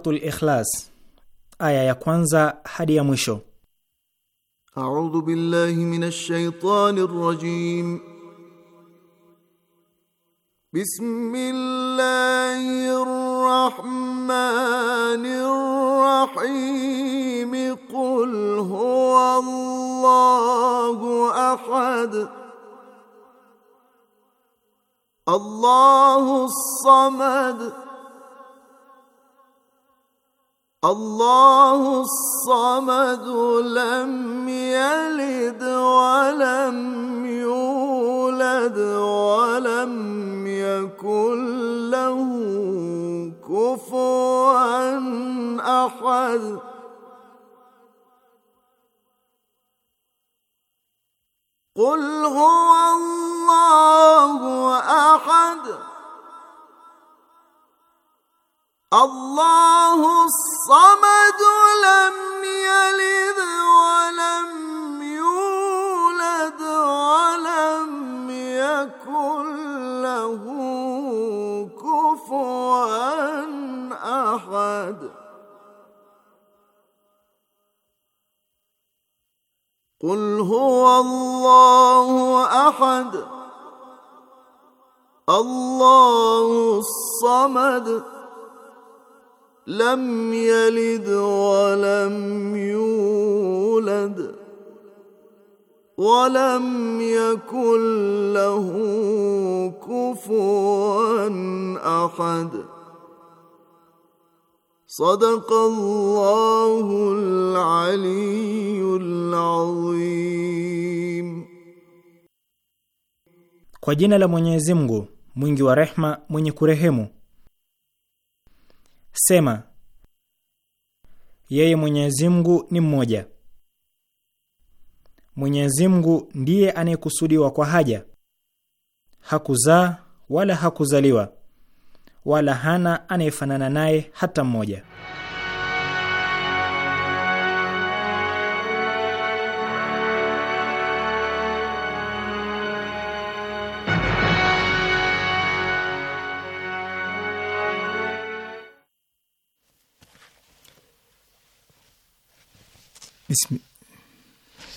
Suratul Ikhlas aya ya kwanza hadi ya mwisho. A'udhu billahi minash shaitani rajim. Bismillahir rahmanir rahim. Qul huwallahu ahad. الله الصمد الله الصمد لم يلد ولم يولد ولم يكن له كفوا احد قل هو الله احد الله الصمد لم يلد ولم يولد ولم يكن له كفوا احد قل هو الله احد الله الصمد لم يلد ولم يولد ولم يكن له كفوا احد صدق الله العلي العظيم kwa jina la mwenyezi mungu mwingi wa rehma mwenye kurehemu Sema, yeye Mwenyezi Mungu ni mmoja. Mwenyezi Mungu ndiye anayekusudiwa kwa haja. Hakuzaa wala hakuzaliwa, wala hana anayefanana naye hata mmoja.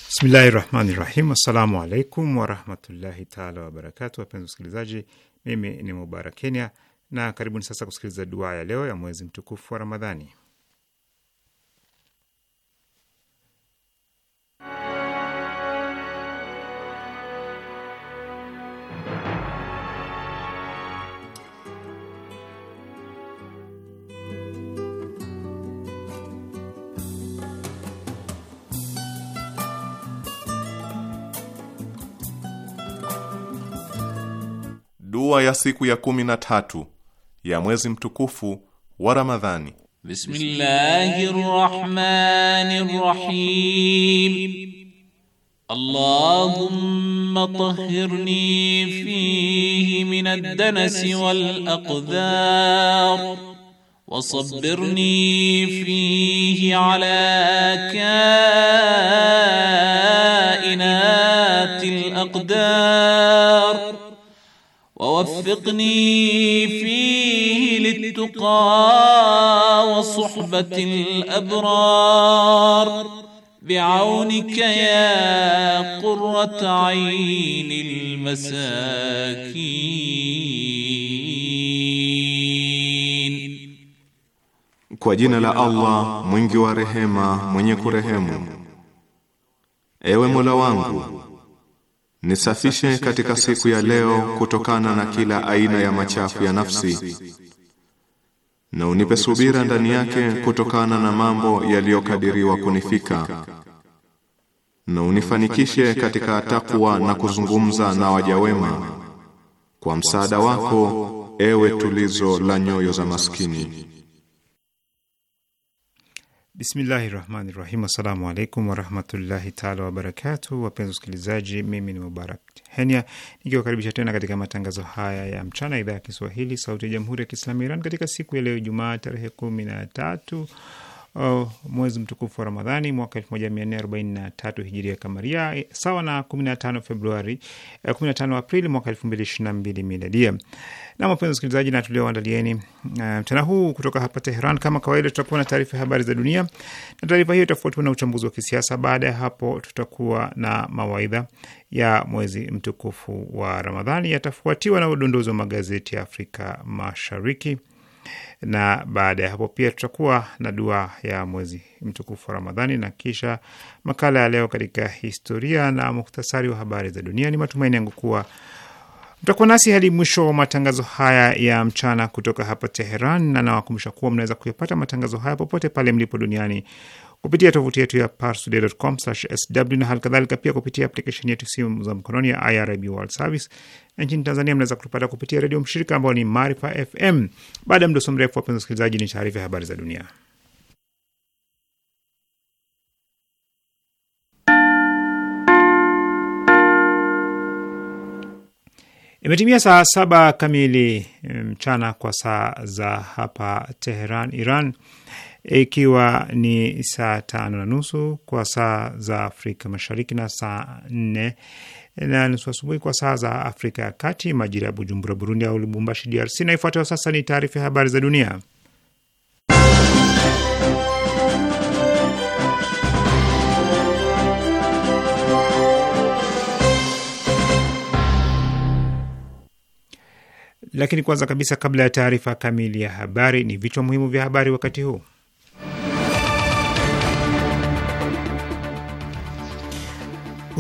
Bismillahi rahmani rahim. Assalamu alaikum warahmatullahi taala wabarakatu. Wapenzi wasikilizaji, mimi ni Mubarak Kenya na karibuni sasa kusikiliza dua ya leo ya mwezi mtukufu wa Ramadhani. siku ya kumi na tatu ya mwezi mtukufu wa Ramadhani. Bismillahir Rahmanir Rahim. Allahumma tahhirni fihi min ad-danas wal aqdar wasabbirni fihi ala kainatil aqdar وفقني فيه للتقى وصحبة الأبرار بعونك يا قرة عين المساكين kwa jina la Allah mwingi wa rehema mwenye kurehemu ewe Mola wangu Nisafishe katika siku ya leo kutokana na kila aina ya machafu ya nafsi na unipe subira ndani yake kutokana na mambo yaliyokadiriwa kunifika na unifanikishe katika takwa na kuzungumza na waja wema kwa msaada wako ewe tulizo la nyoyo za maskini. Bismillahi rahmani rahim. Assalamu alaikum warahmatullahi taala wabarakatu. Wapenzi wasikilizaji, mimi ni Mubarak Henya nikiwakaribisha tena katika matangazo haya ya mchana, idhaa ya Kiswahili sauti ya jamhuri ya Kiislamu Iran, katika siku ya leo Jumaa tarehe kumi na tatu mwezi mtukufu wa Ramadhani mwaka 1443 hijiria kamaria, sawa na 15 Februari 15 eh, Aprili mwaka 2022 miladia. Na wapenzi wasikilizaji, na tulioandalieni eh, mchana uh, huu kutoka hapa Teheran, kama kawaida, tutakuwa na taarifa ya habari za dunia, na taarifa hiyo itafuatiwa na uchambuzi wa kisiasa. Baada ya hapo, tutakuwa na mawaidha ya mwezi mtukufu wa Ramadhani, yatafuatiwa na udondozi wa magazeti ya Afrika Mashariki na baada ya hapo pia tutakuwa na dua ya mwezi mtukufu wa Ramadhani na kisha makala ya leo katika historia na muhtasari wa habari za dunia. Ni matumaini yangu kuwa mtakuwa nasi hadi mwisho wa matangazo haya ya mchana kutoka hapa Teheran, na nawakumbusha kuwa mnaweza kuyapata matangazo haya popote pale mlipo duniani kupitia tovuti yetu ya parstoday.com/sw na halikadhalika pia kupitia aplikesheni yetu simu za mkononi ya IRIB World Service. Nchini Tanzania mnaweza kutupata kupitia redio mshirika ambao ni Maarifa FM. Baada ya mdoso mrefu, wapenzi wasikilizaji, ni taarifa ya habari za dunia. Imetimia saa saba kamili eh, mchana kwa saa za hapa Teheran, Iran, ikiwa ni saa tano na nusu kwa saa za Afrika Mashariki na saa nne na nusu asubuhi kwa saa za Afrika ya Kati, majira ya Bujumbura, Burundi au Lubumbashi, DRC. Na ifuatayo sasa ni taarifa ya habari za dunia, lakini kwanza kabisa, kabla ya taarifa kamili ya habari, ni vichwa muhimu vya habari wakati huu.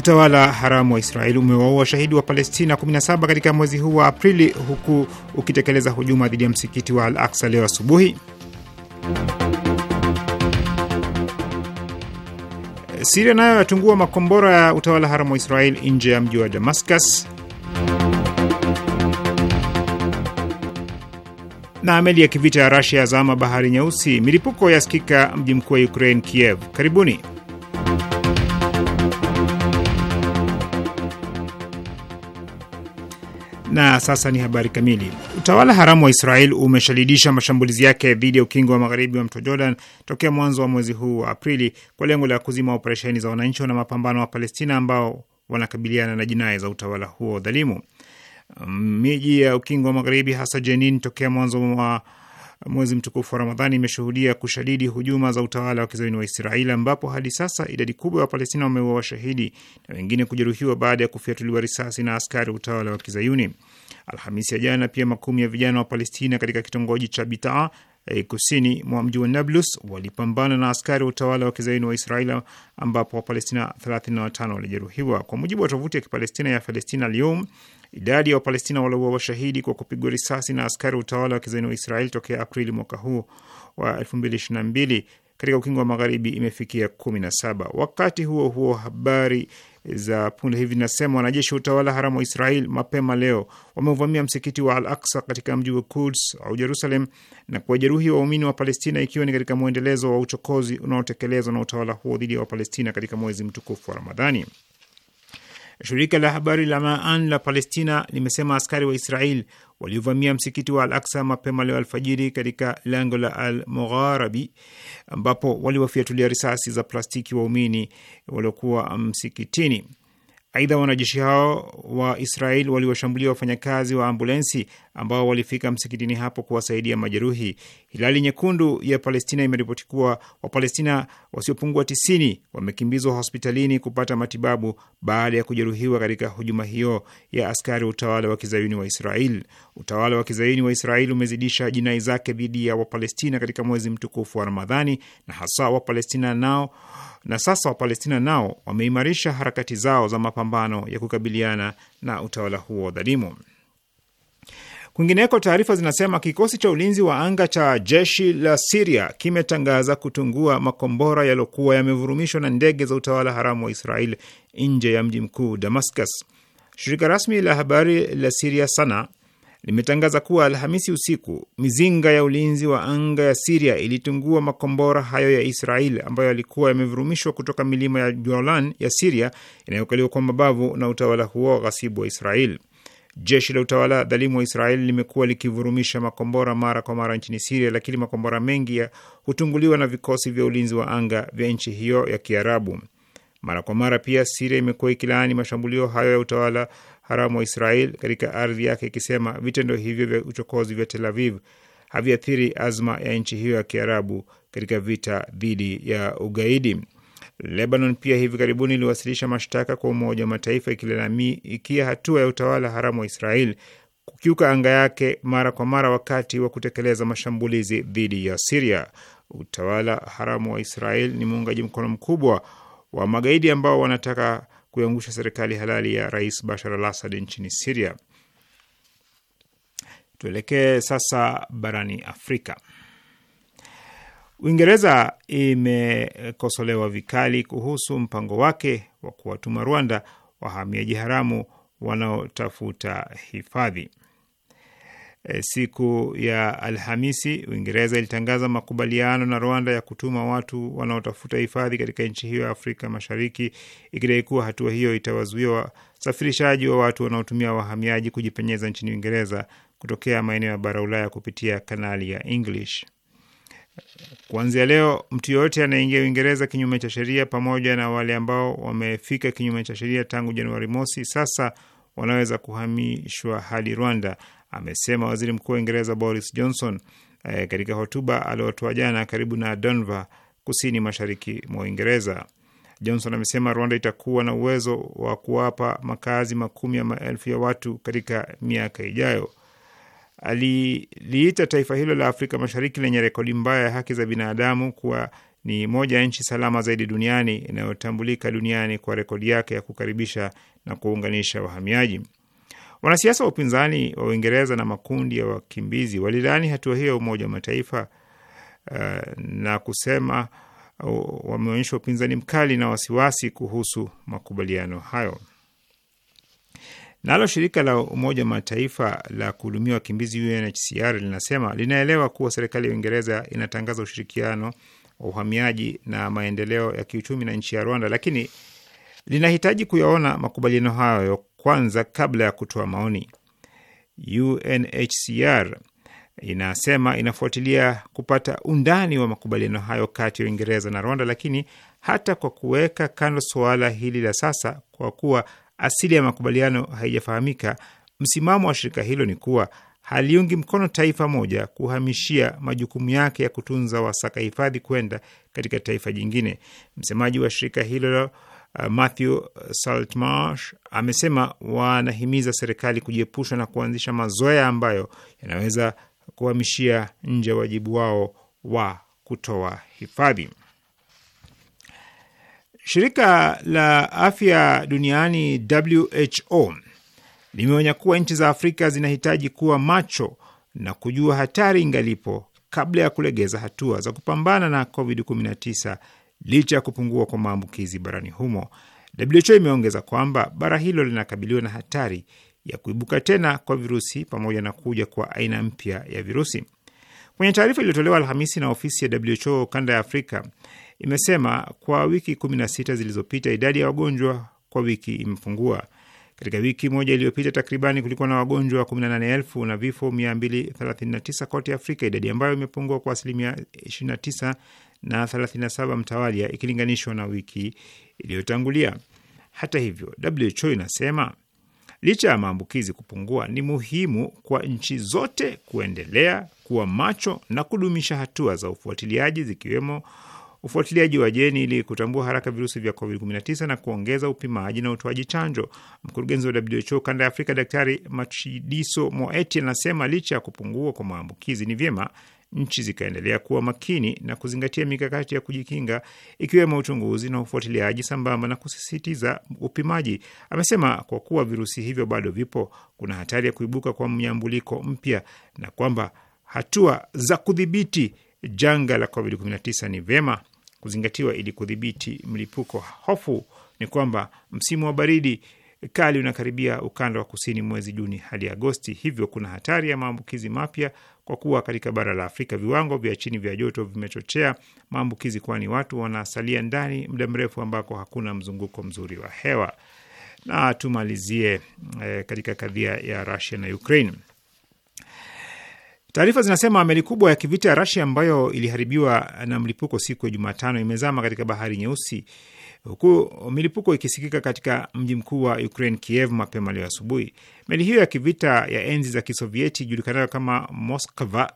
Utawala haramu wa Israeli umewaua shahidi wa Palestina 17 katika mwezi huu wa Aprili, huku ukitekeleza hujuma dhidi ya msikiti wa Al Aksa leo asubuhi. Siria nayo yatungua makombora ya utawala haramu wa Israeli nje ya mji wa Damascus. na meli ya kivita ya Rasia yazama bahari Nyeusi. Milipuko yasikika mji mkuu wa Ukraine, Kiev. Karibuni. Na sasa ni habari kamili. Utawala haramu wa Israel umeshadidisha mashambulizi yake dhidi ya ukingo wa magharibi wa mto Jordan tokea mwanzo wa mwezi huu wa Aprili kwa lengo la kuzima operesheni za wananchi wana mapambano wa Palestina ambao wanakabiliana na jinai za utawala huo dhalimu. Miji ya ukingo wa magharibi hasa Jenin tokea mwanzo wa mwezi mtukufu wa Ramadhani imeshuhudia kushadidi hujuma za utawala wa kizayuni wa Israeli, ambapo hadi sasa idadi kubwa ya Wapalestina wameua washahidi na wengine kujeruhiwa baada ya kufiatuliwa risasi na askari wa utawala wa kizayuni. Alhamisi ya jana pia makumi ya vijana wa Palestina katika kitongoji cha Bitaa e, eh, kusini mwa mji wa Nablus walipambana na askari wa utawala wa kizayuni wa Israeli, ambapo Wapalestina 35 walijeruhiwa, kwa mujibu wa tovuti ya Kipalestina ya Palestina Al-Yom. Idadi ya Wapalestina waliua washahidi kwa kupigwa risasi na askari utawala wa kizani wa Israeli tokea Aprili mwaka huu wa 2022 katika ukingo wa magharibi imefikia 17. Wakati huo huo, habari za punde hivi zinasema wanajeshi wa utawala haramu wa Israel mapema leo wameuvamia msikiti wa Al Aksa katika mji wa Kuds au Jerusalem na kuwajeruhi waumini wa Palestina, ikiwa ni katika mwendelezo wa uchokozi unaotekelezwa na utawala huo dhidi ya Wapalestina katika mwezi mtukufu wa Ramadhani. Shirika la habari la Maan la Palestina limesema askari wa Israel waliovamia msikiti wa Al Aksa mapema leo alfajiri katika lango la Al Mugharabi, ambapo waliwafiatulia risasi za plastiki waumini waliokuwa msikitini. Aidha, wanajeshi hao wa Israel waliwashambulia wafanyakazi wa ambulensi ambao walifika msikitini hapo kuwasaidia majeruhi. Hilali Nyekundu ya Palestina imeripoti kuwa Wapalestina wasiopungua tisini wamekimbizwa hospitalini kupata matibabu baada ya kujeruhiwa katika hujuma hiyo ya askari wa utawala wa kizayuni wa Israel. Utawala wa kizayuni wa Israel umezidisha jinai zake dhidi ya Wapalestina katika mwezi mtukufu wa Ramadhani na hasa Wapalestina nao na sasa Wapalestina nao wameimarisha harakati zao za mapambano ya kukabiliana na utawala huo dhalimu. Kwingineko, taarifa zinasema kikosi cha ulinzi wa anga cha jeshi la Siria kimetangaza kutungua makombora yaliyokuwa yamevurumishwa na ndege za utawala haramu wa Israel nje ya mji mkuu Damascus. Shirika rasmi la habari la Siria Sana limetangaza kuwa Alhamisi usiku mizinga ya ulinzi wa anga ya Siria ilitungua makombora hayo ya Israel ambayo yalikuwa yamevurumishwa kutoka milima ya Jolan ya Siria inayokaliwa kwa mabavu na utawala huo ghasibu wa Israel. Jeshi la utawala dhalimu wa Israeli limekuwa likivurumisha makombora mara kwa mara nchini Siria, lakini makombora mengi hutunguliwa na vikosi vya ulinzi wa anga vya nchi hiyo ya Kiarabu. Mara kwa mara pia Siria imekuwa ikilaani mashambulio hayo ya utawala haramu wa Israel katika ardhi yake, ikisema vitendo hivyo vya uchokozi vya Tel Aviv haviathiri azma ya nchi hiyo ya Kiarabu katika vita dhidi ya ugaidi. Lebanon pia hivi karibuni iliwasilisha mashtaka kwa Umoja wa Mataifa ikilalamikia hatua ya utawala haramu wa Israel kukiuka anga yake mara kwa mara wakati wa kutekeleza mashambulizi dhidi ya Siria. Utawala haramu wa Israel ni muungaji mkono mkubwa wa magaidi ambao wanataka kuiangusha serikali halali ya Rais Bashar al Assad nchini Siria. Tuelekee sasa barani Afrika. Uingereza imekosolewa vikali kuhusu mpango wake wa kuwatuma Rwanda wahamiaji haramu wanaotafuta hifadhi. E, siku ya Alhamisi, Uingereza ilitangaza makubaliano na Rwanda ya kutuma watu wanaotafuta hifadhi katika nchi hiyo ya Afrika Mashariki, ikidai kuwa hatua hiyo itawazuia wasafirishaji wa watu wanaotumia wahamiaji kujipenyeza nchini Uingereza kutokea maeneo ya bara Ulaya kupitia kanali ya English. Kuanzia leo mtu yoyote anayeingia Uingereza kinyume cha sheria, pamoja na wale ambao wamefika kinyume cha sheria tangu Januari mosi, sasa wanaweza kuhamishwa hadi Rwanda, amesema waziri mkuu wa Uingereza Boris Johnson eh, katika hotuba aliotoa jana karibu na donva kusini mashariki mwa Uingereza. Johnson amesema Rwanda itakuwa na uwezo wa kuwapa makazi makumi ya maelfu ya watu katika miaka ijayo aliliita taifa hilo la Afrika Mashariki lenye rekodi mbaya ya haki za binadamu kuwa ni moja ya nchi salama zaidi duniani inayotambulika duniani kwa rekodi yake ya kukaribisha na kuunganisha wahamiaji. Wanasiasa wa upinzani wa Uingereza na makundi ya wakimbizi walilaani hatua hiyo ya Umoja wa Mataifa uh, na kusema uh, wameonyesha upinzani mkali na wasiwasi kuhusu makubaliano hayo. Nalo shirika la Umoja wa Mataifa la kuhudumia wakimbizi UNHCR linasema linaelewa kuwa serikali ya Uingereza inatangaza ushirikiano wa uhamiaji na maendeleo ya kiuchumi na nchi ya Rwanda, lakini linahitaji kuyaona makubaliano hayo kwanza kabla ya kutoa maoni. UNHCR inasema inafuatilia kupata undani wa makubaliano hayo kati ya Uingereza na Rwanda, lakini hata kwa kuweka kando suala hili la sasa, kwa kuwa asili ya makubaliano haijafahamika, msimamo wa shirika hilo ni kuwa haliungi mkono taifa moja kuhamishia majukumu yake ya kutunza wasaka hifadhi kwenda katika taifa jingine. Msemaji wa shirika hilo uh, Matthew Saltmarsh amesema wanahimiza serikali kujiepusha na kuanzisha mazoea ambayo yanaweza kuhamishia nje wajibu wao wa kutoa hifadhi. Shirika la afya duniani WHO limeonya kuwa nchi za Afrika zinahitaji kuwa macho na kujua hatari ingalipo kabla ya kulegeza hatua za kupambana na COVID-19 licha ya kupungua kwa maambukizi barani humo. WHO imeongeza kwamba bara hilo linakabiliwa na hatari ya kuibuka tena kwa virusi pamoja na kuja kwa aina mpya ya virusi. Kwenye taarifa iliyotolewa Alhamisi na ofisi ya WHO kanda ya Afrika imesema kwa wiki 16 zilizopita idadi ya wagonjwa kwa wiki imepungua. Katika wiki moja iliyopita takribani kulikuwa na wagonjwa 18,000 na vifo 239 kote Afrika, idadi ambayo imepungua kwa asilimia 29 na 37 mtawalia ikilinganishwa na wiki iliyotangulia. Hata hivyo, WHO inasema licha ya maambukizi kupungua, ni muhimu kwa nchi zote kuendelea kuwa macho na kudumisha hatua za ufuatiliaji zikiwemo ufuatiliaji wa jeni ili kutambua haraka virusi vya COVID-19 na kuongeza upimaji na utoaji chanjo. Mkurugenzi wa WHO kanda ya Afrika, Daktari Matshidiso Moeti anasema licha ya kupungua kwa maambukizi, ni vyema nchi zikaendelea kuwa makini na kuzingatia mikakati ya kujikinga ikiwemo uchunguzi na ufuatiliaji sambamba na kusisitiza upimaji. Amesema kwa kuwa virusi hivyo bado vipo, kuna hatari ya kuibuka kwa mnyambuliko mpya na kwamba hatua za kudhibiti janga la COVID-19 ni vyema kuzingatiwa ili kudhibiti mlipuko. Hofu ni kwamba msimu wa baridi kali unakaribia ukanda wa kusini mwezi Juni hadi Agosti, hivyo kuna hatari ya maambukizi mapya, kwa kuwa katika bara la Afrika viwango vya chini vya joto vimechochea maambukizi, kwani watu wanasalia ndani muda mrefu ambako hakuna mzunguko mzuri wa hewa. Na tumalizie eh, katika kadhia ya Russia na Ukraine. Taarifa zinasema meli kubwa ya kivita ya Rasia ambayo iliharibiwa na mlipuko siku ya Jumatano imezama katika bahari Nyeusi, huku milipuko ikisikika katika mji mkuu wa Ukraine, Kiev, mapema leo asubuhi. Meli hiyo ya kivita ya enzi za Kisovieti ijulikanayo kama Moskva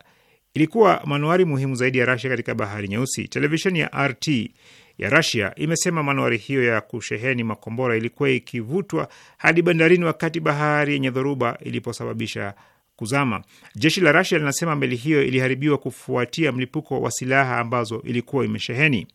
ilikuwa manuari muhimu zaidi ya Rasia katika bahari Nyeusi. Televisheni ya RT ya Rasia imesema manuari hiyo ya kusheheni makombora ilikuwa ikivutwa hadi bandarini wakati bahari yenye dhoruba iliposababisha kuzama. Jeshi la Rasia linasema meli hiyo iliharibiwa kufuatia mlipuko wa silaha ambazo ilikuwa imesheheni.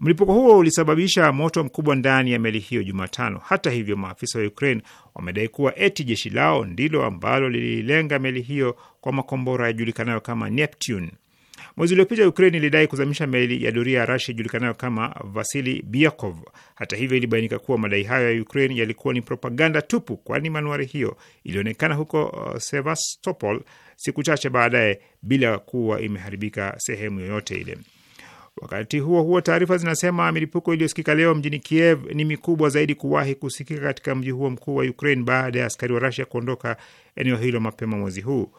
Mlipuko huo ulisababisha moto mkubwa ndani ya meli hiyo Jumatano. Hata hivyo, maafisa wa Ukraine wamedai kuwa eti jeshi lao ndilo ambalo lililenga meli hiyo kwa makombora yajulikanayo kama Neptune. Mwezi uliopita Ukraine ilidai kuzamisha meli ya doria ya Rasia ijulikanayo kama Vasili Biakov. Hata hivyo, ilibainika kuwa madai hayo ya Ukraine yalikuwa ni propaganda tupu, kwani manuari hiyo ilionekana huko uh, Sevastopol siku chache baadaye bila kuwa imeharibika sehemu yoyote ile. Wakati huo huo, taarifa zinasema milipuko iliyosikika leo mjini Kiev ni mikubwa zaidi kuwahi kusikika katika mji huo mkuu wa Ukraine baada ya askari wa Rasia kuondoka eneo hilo mapema mwezi huu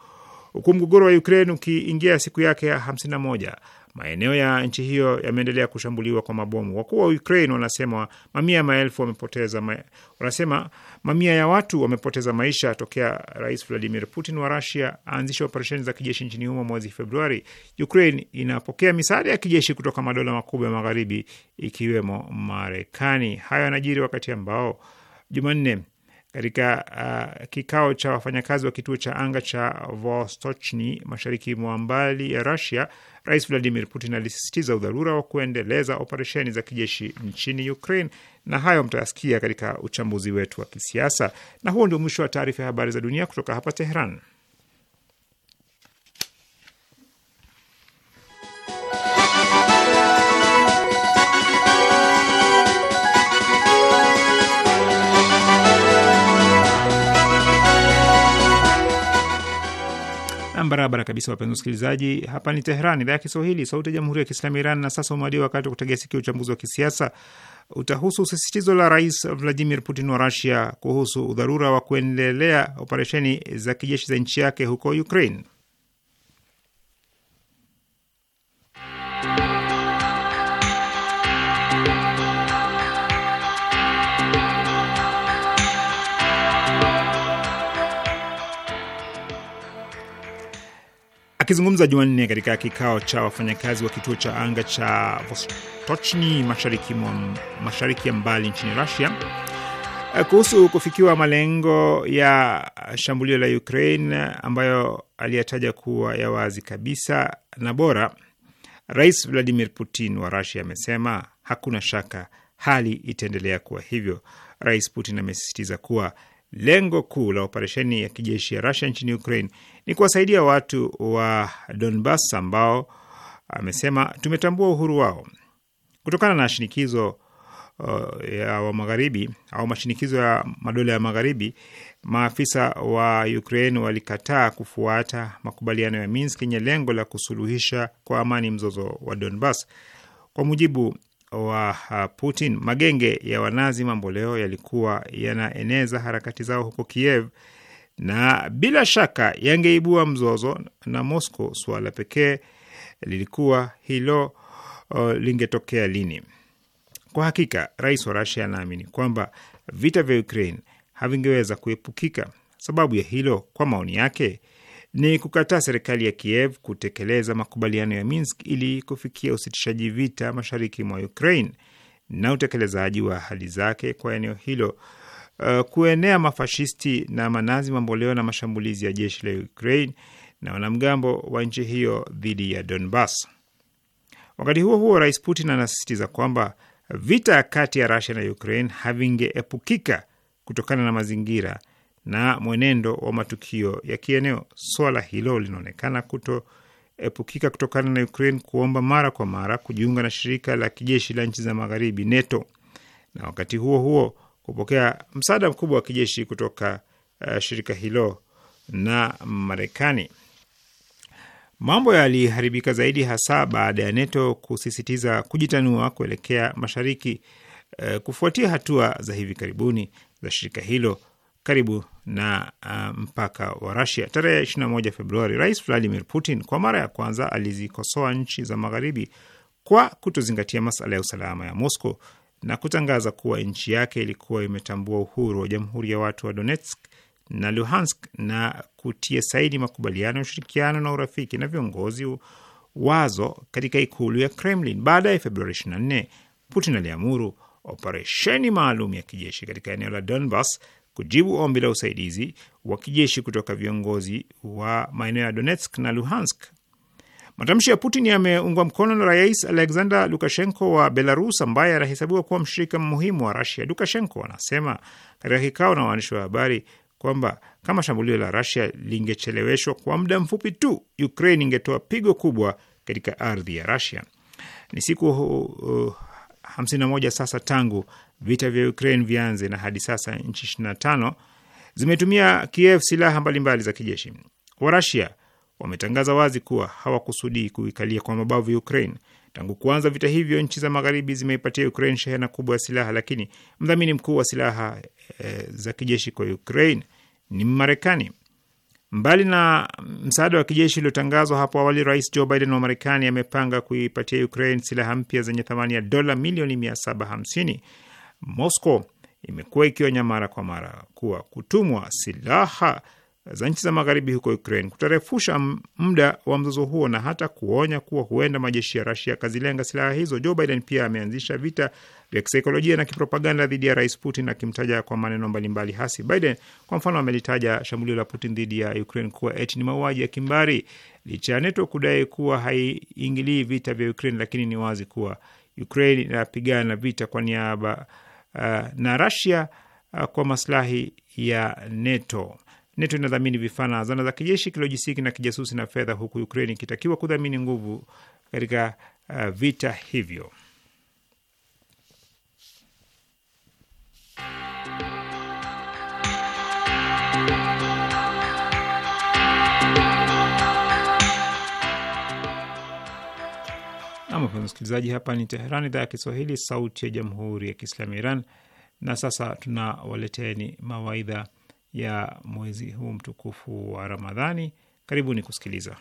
huku mgogoro wa Ukraine ukiingia siku yake ya 51. Maeneo ya nchi hiyo yameendelea kushambuliwa kwa mabomu. Wakuu wa Ukraine wanasema mamia ya maelfu wamepoteza ma... wanasema mamia ya watu wamepoteza maisha tokea Rais Vladimir Putin wa Russia aanzisha operesheni za kijeshi nchini humo mwezi Februari. Ukraine inapokea misaada ya kijeshi kutoka madola makubwa ya magharibi ikiwemo Marekani. Hayo yanajiri wakati ambao Jumanne katika uh, kikao cha wafanyakazi wa kituo cha anga cha Vostochni mashariki mwa mbali ya Rusia, Rais Vladimir Putin alisisitiza udharura wa kuendeleza operesheni za kijeshi nchini Ukraine, na hayo mtayasikia katika uchambuzi wetu wa kisiasa. Na huo ndio mwisho wa taarifa ya habari za dunia kutoka hapa teheran barabara kabisa, wapenzi wasikilizaji. Hapa ni Teheran, idhaa ya Kiswahili, sauti ya jamhuri ya kiislamu Iran. Na sasa umewadia wakati wa kutegea sikio. Uchambuzi wa kisiasa utahusu usisitizo la Rais Vladimir Putin wa Rusia kuhusu udharura wa kuendelea operesheni za kijeshi za nchi yake huko Ukraine. Akizungumza Jumanne katika kikao cha wafanyakazi wa kituo cha anga cha Vostochni mashariki, mashariki ya mbali nchini Rusia eh, kuhusu kufikiwa malengo ya shambulio la Ukraine ambayo aliyataja kuwa ya wazi kabisa na bora, Rais Vladimir Putin wa Rusia amesema hakuna shaka hali itaendelea kuwa hivyo. Rais Putin amesisitiza kuwa lengo kuu la operesheni ya kijeshi ya Rusia nchini Ukraine ni kuwasaidia watu wa Donbas ambao amesema tumetambua uhuru wao kutokana na shinikizo uh, ya wa magharibi au mashinikizo ya madola ya magharibi. Maafisa wa Ukraine walikataa kufuata makubaliano ya Minsk yenye lengo la kusuluhisha kwa amani mzozo wa Donbas. Kwa mujibu wa Putin. Magenge ya wanazi mambo leo yalikuwa yanaeneza harakati zao huko Kiev na bila shaka yangeibua mzozo na Moscow. Suala pekee lilikuwa hilo uh, lingetokea lini? Kwa hakika, rais wa rasia anaamini kwamba vita vya Ukraine havingeweza kuepukika. Sababu ya hilo, kwa maoni yake, ni kukataa serikali ya Kiev kutekeleza makubaliano ya Minsk ili kufikia usitishaji vita mashariki mwa Ukraine na utekelezaji wa ahadi zake kwa eneo hilo. Uh, kuenea mafashisti na manazi mamboleo na mashambulizi ya jeshi la Ukraine na wanamgambo wa nchi hiyo dhidi ya Donbas. Wakati huo huo, Rais Putin anasisitiza kwamba vita kati ya Rusia na Ukraine havingeepukika kutokana na mazingira na mwenendo wa matukio ya kieneo. Swala hilo linaonekana kutoepukika kutokana na Ukraine kuomba mara kwa mara kujiunga na shirika la kijeshi la nchi za magharibi NATO, na wakati huo huo kupokea msaada mkubwa wa kijeshi kutoka uh, shirika hilo na Marekani. Mambo yaliharibika zaidi hasa baada ya NATO kusisitiza kujitanua kuelekea mashariki, uh, kufuatia hatua za hivi karibuni za shirika hilo karibu na uh, mpaka wa Rasia. Tarehe 21 Februari, Rais Vladimir Putin kwa mara ya kwanza alizikosoa nchi za magharibi kwa kutozingatia masala ya usalama ya Moscow na kutangaza kuwa nchi yake ilikuwa imetambua uhuru wa Jamhuri ya Watu wa Donetsk na Luhansk na kutia saini makubaliano ya ushirikiano na urafiki na viongozi wazo katika ikulu ya Kremlin. Baada ya Februari 24, Putin aliamuru operesheni maalum ya kijeshi katika eneo la Donbas kujibu ombi la usaidizi wa kijeshi kutoka viongozi wa maeneo ya Donetsk na Luhansk. Matamshi ya Putin yameungwa mkono na Rais Alexander Lukashenko wa Belarus, ambaye anahesabiwa kuwa mshirika muhimu wa Rasia. Lukashenko anasema katika kikao na waandishi wa habari kwamba kama shambulio la Rasia lingecheleweshwa kwa muda mfupi tu, Ukraine ingetoa pigo kubwa katika ardhi ya Rasia. Ni siku uh, 51 sasa tangu vita vya Ukraine vianze, na hadi sasa nchi 25 zimetumia Kiev silaha mbalimbali za kijeshi. Warasia wametangaza wazi kuwa hawakusudii kuikalia kwa mabavu ya Ukraine. Tangu kuanza vita hivyo, nchi za magharibi zimeipatia Ukraine shehena kubwa ya silaha, lakini mdhamini mkuu wa silaha e, za kijeshi kwa Ukraine ni Marekani. Mbali na msaada wa kijeshi uliotangazwa hapo awali, Rais Joe Biden wa Marekani amepanga kuipatia Ukraine silaha mpya zenye thamani ya dola milioni 750 Moscow imekuwa ikionya mara kwa mara kuwa kutumwa silaha za nchi za magharibi huko Ukraine kutarefusha muda wa mzozo huo na hata kuonya kuwa huenda majeshi ya Rasia yakazilenga silaha hizo. Joe Biden pia ameanzisha vita vya kisaikolojia na kipropaganda dhidi ya Rais Putin akimtaja kwa maneno mbalimbali hasi. Biden kwa mfano amelitaja shambulio la Putin dhidi ya Ukraine kuwa eti ni mauaji ya kimbari. Licha ya NATO kudai kuwa haiingilii vita vya Ukraine, lakini ni wazi kuwa Ukraine inapigana vita kwa niaba Uh, na Rasia uh, kwa maslahi ya NATO. NATO inadhamini vifaa na zana za kijeshi, kilojisiki na kijasusi na fedha, huku Ukraine ikitakiwa kudhamini nguvu katika uh, vita hivyo. Amapenzi msikilizaji, hapa ni Teheran, idhaa ya Kiswahili, sauti ya jamhuri ya kiislamu ya Iran. Na sasa tunawaleteni mawaidha ya mwezi huu mtukufu wa Ramadhani. Karibuni kusikiliza.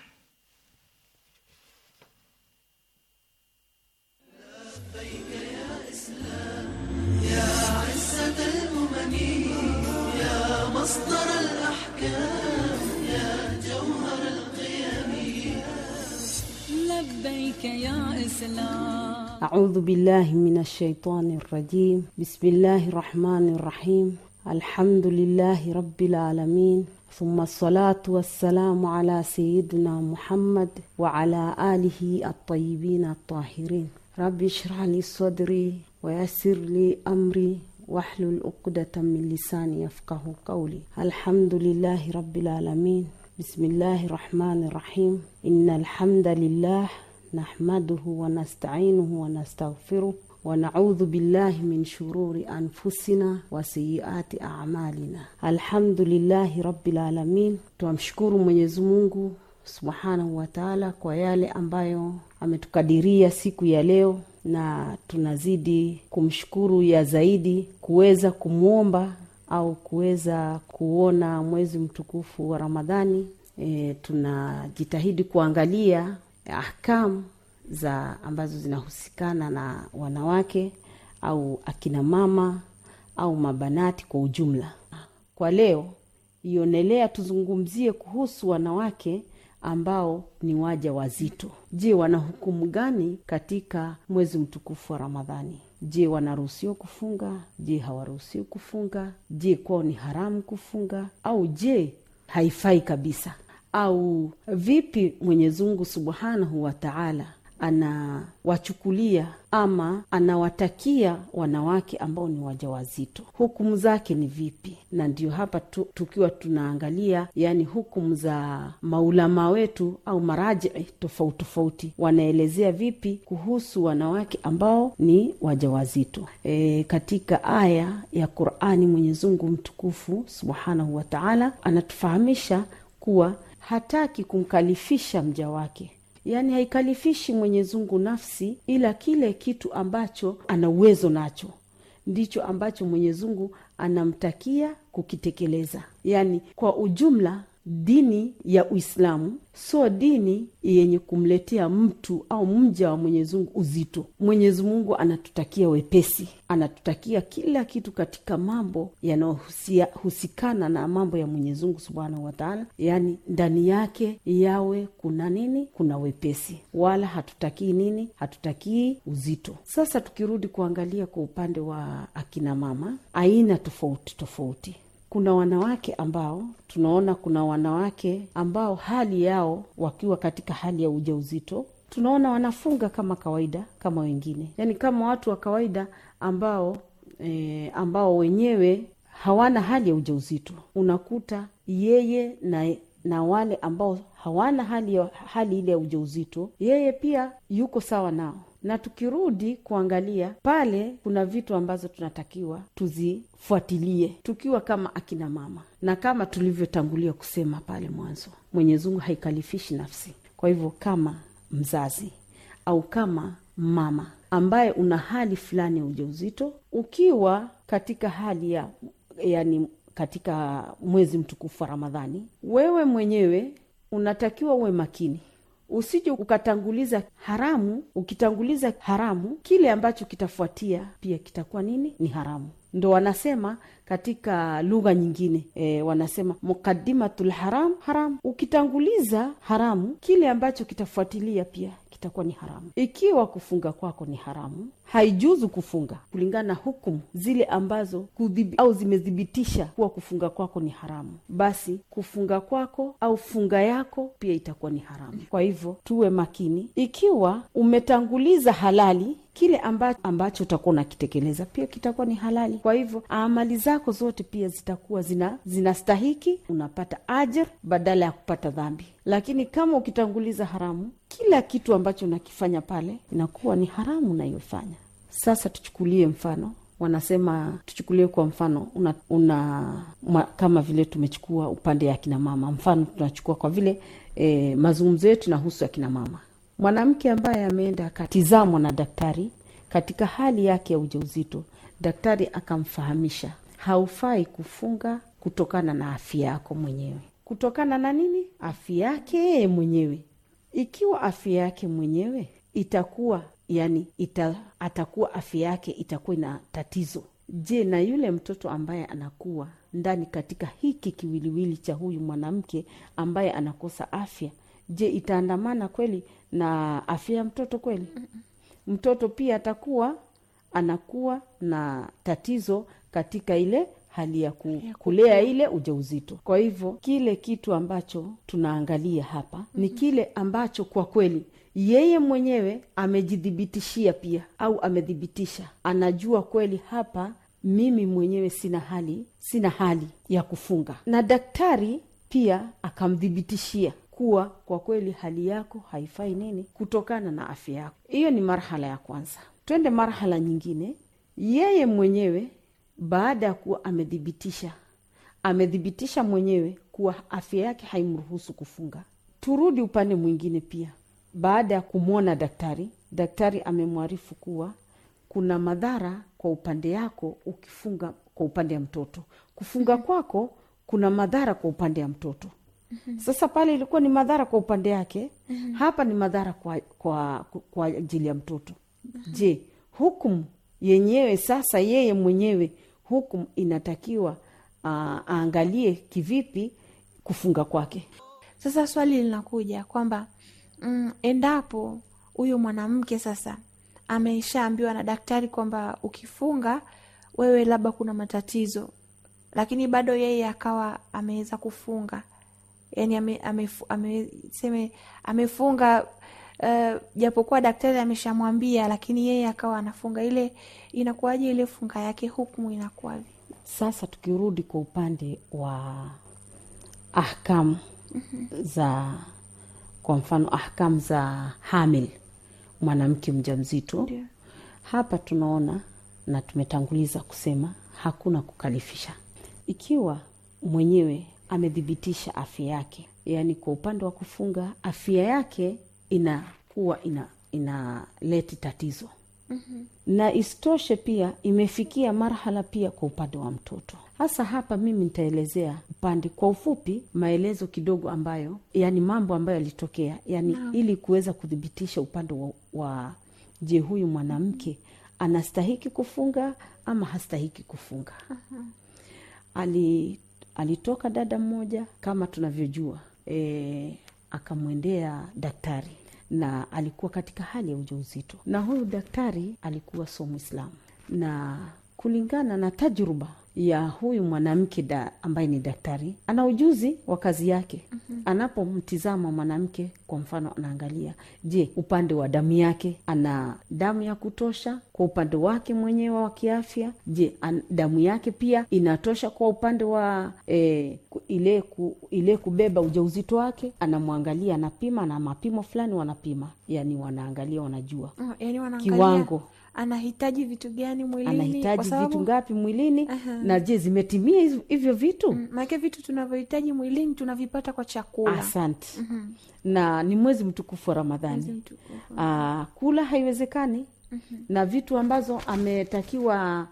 لبيك يا إسلام أعوذ بالله من الشيطان الرجيم بسم الله الرحمن الرحيم الحمد لله رب العالمين ثم الصلاة والسلام على سيدنا محمد وعلى آله الطيبين الطاهرين رب اشرح لي صدري ويسر لي أمري واحلل عقدة من لساني يفقه قولي الحمد لله رب العالمين بسم الله الرحمن الرحيم إن الحمد لله nahmaduhu wanasta'inuhu wanastaghfiruh wanaudhu بالله min شرور anfusina وسيئات أعمالنا الحمد لله رب العالمين tuamshukuru Mwenyezi Mungu Subhanahu wa Ta'ala kwa yale ambayo ametukadiria siku ya leo na tunazidi kumshukuru ya zaidi kuweza kumwomba au kuweza kuona mwezi mtukufu wa Ramadhani. E, tunajitahidi kuangalia ahkamu za ambazo zinahusikana na wanawake au akina mama au mabanati kwa ujumla. Kwa leo ionelea tuzungumzie kuhusu wanawake ambao ni waja wazito. Je, wana hukumu gani katika mwezi mtukufu wa Ramadhani? Je, wanaruhusiwa kufunga? Je, hawaruhusiwi kufunga? Je, kwao ni haramu kufunga au je haifai kabisa? au vipi mwenyezungu subhanahu wa taala anawachukulia ama anawatakia wanawake ambao ni wajawazito, hukumu zake ni vipi? Na ndio hapa tu, tukiwa tunaangalia yani hukumu za maulama wetu au marajii tofauti tofauti, wanaelezea vipi kuhusu wanawake ambao ni wajawazito. E, katika aya ya Qurani Mwenyezi Mungu mtukufu subhanahu wa taala anatufahamisha kuwa hataki kumkalifisha mja wake yaani haikalifishi mwenyezungu nafsi ila kile kitu ambacho ana uwezo nacho ndicho ambacho mwenyezungu anamtakia kukitekeleza yaani kwa ujumla dini ya Uislamu sio dini yenye kumletea mtu au mja wa Mwenyezi Mungu uzito. Mwenyezi Mungu anatutakia wepesi, anatutakia kila kitu katika mambo yanayohusikana na mambo ya Mwenyezi Mungu subhanahu wataala, yaani ndani yake yawe kuna nini? Kuna wepesi, wala hatutakii nini? Hatutakii uzito. Sasa tukirudi kuangalia kwa upande wa akinamama, aina tofauti tofauti kuna wanawake ambao tunaona kuna wanawake ambao hali yao wakiwa katika hali ya ujauzito tunaona wanafunga kama kawaida kama wengine, yaani kama watu wa kawaida ambao e, ambao wenyewe hawana hali ya ujauzito. Unakuta yeye na na wale ambao hawana hali, hali ile ya ujauzito, yeye pia yuko sawa nao na tukirudi kuangalia pale, kuna vitu ambazo tunatakiwa tuzifuatilie tukiwa kama akina mama, na kama tulivyotangulia kusema pale mwanzo, Mwenyezi Mungu haikalifishi nafsi. Kwa hivyo kama mzazi au kama mama ambaye una hali fulani ya ujauzito, ukiwa katika hali ya yani, katika mwezi mtukufu wa Ramadhani, wewe mwenyewe unatakiwa uwe makini usije ukatanguliza haramu. Ukitanguliza haramu, kile ambacho kitafuatia pia kitakuwa nini? Ni haramu. Ndo wanasema katika lugha nyingine e, wanasema mukadimatul haram haram. Ukitanguliza haramu, kile ambacho kitafuatilia pia kitakuwa ni haramu. Ikiwa kufunga kwako ni haramu, haijuzu kufunga kulingana na hukumu zile ambazo kudhibi, au zimethibitisha kuwa kufunga kwako ni haramu, basi kufunga kwako au funga yako pia itakuwa ni haramu. Kwa hivyo tuwe makini, ikiwa umetanguliza halali kile ambacho, ambacho utakuwa unakitekeleza pia kitakuwa ni halali. Kwa hivyo amali zako zote pia zitakuwa zina zinastahiki, unapata ajr badala ya kupata dhambi lakini kama ukitanguliza haramu, kila kitu ambacho nakifanya pale inakuwa ni haramu unayofanya Sasa tuchukulie mfano, wanasema tuchukulie kwa mfano una, una ma, kama vile tumechukua upande ya akinamama, mfano tunachukua kwa vile e, mazungumzo yetu inahusu akinamama. Mwanamke ambaye ameenda akatizamwa na daktari katika hali yake ya ujauzito, daktari akamfahamisha haufai kufunga kutokana na afya yako mwenyewe kutokana na nini? Afya yake yeye mwenyewe. Ikiwa afya yake mwenyewe itakuwa yani ita, atakuwa afya yake itakuwa ina tatizo, je, na yule mtoto ambaye anakuwa ndani katika hiki kiwiliwili cha huyu mwanamke ambaye anakosa afya, je, itaandamana kweli na afya ya mtoto kweli? Mtoto pia atakuwa anakuwa na tatizo katika ile hali ya kulea ile ujauzito. Kwa hivyo kile kitu ambacho tunaangalia hapa mm -hmm. ni kile ambacho kwa kweli yeye mwenyewe amejidhibitishia pia au amethibitisha, anajua kweli hapa mimi mwenyewe sina hali, sina hali ya kufunga, na daktari pia akamthibitishia kuwa kwa kweli hali yako haifai nini kutokana na afya yako. Hiyo ni marhala ya kwanza. Twende marhala nyingine, yeye mwenyewe baada ya kuwa amedhibitisha amedhibitisha mwenyewe kuwa afya yake haimruhusu kufunga. Turudi upande mwingine pia, baada ya kumwona daktari, daktari amemwarifu kuwa kuna madhara kwa upande yako ukifunga, kwa upande ya mtoto kufunga mhm. kwako kuna madhara kwa upande ya mtoto. Mhm. Sasa pale ilikuwa ni madhara kwa upande yake, mhm. hapa ni madhara kwa, kwa, kwa ajili ya mtoto. Je, hukumu yenyewe sasa yeye mwenyewe huku inatakiwa ah, aangalie kivipi kufunga kwake. Sasa swali linakuja kwamba mm, endapo huyu mwanamke sasa ameshaambiwa na daktari kwamba ukifunga wewe labda kuna matatizo, lakini bado yeye akawa ameweza kufunga, yani ame, ame, ame, seme, amefunga uh, japokuwa daktari ameshamwambia, lakini yeye akawa anafunga ile. Inakuwaje ile funga yake, hukmu inakuwavi Sasa tukirudi kwa upande wa ahkamu mm -hmm. za kwa mfano ahkamu za hamil, mwanamke mja yeah. Hapa tunaona na tumetanguliza kusema hakuna kukalifisha, ikiwa mwenyewe amethibitisha afya yake, yaani kwa upande wa kufunga afya yake inakuwa ina inaleti tatizo mm-hmm. na isitoshe pia imefikia marhala pia kwa upande wa mtoto hasa hapa mimi nitaelezea upande kwa ufupi maelezo kidogo ambayo yani mambo ambayo yalitokea yani no. ili kuweza kuthibitisha upande wa, wa je huyu mwanamke mhm. anastahiki kufunga ama hastahiki kufunga uh-huh. Ali, alitoka dada mmoja kama tunavyojua e, akamwendea daktari na alikuwa katika hali ya ujauzito, na huyu daktari alikuwa so na kulingana na tajruba ya huyu mwanamke da ambaye ni daktari ana ujuzi wa kazi yake mm-hmm. anapomtizama mwanamke kwa mfano anaangalia je upande wa damu yake ana damu ya kutosha kwa upande wake mwenyewe wa kiafya je an, damu yake pia inatosha kwa upande wa e, ile, ku, ile kubeba ujauzito wake anamwangalia anapima na mapimo fulani wanapima yani wanaangalia wanajua mm, yani wanaangalia kiwango anahitaji vitu gani mwilini, anahitaji sababu... vitu ngapi mwilini uh-huh. na je, zimetimia hivyo vitu? Mm, maanake vitu tunavyohitaji mwilini tunavipata kwa chakula. Asante. mm -hmm. na ni mwezi mtukufu wa Ramadhani. Uh, kula haiwezekani. mm -hmm. na vitu ambazo ametakiwa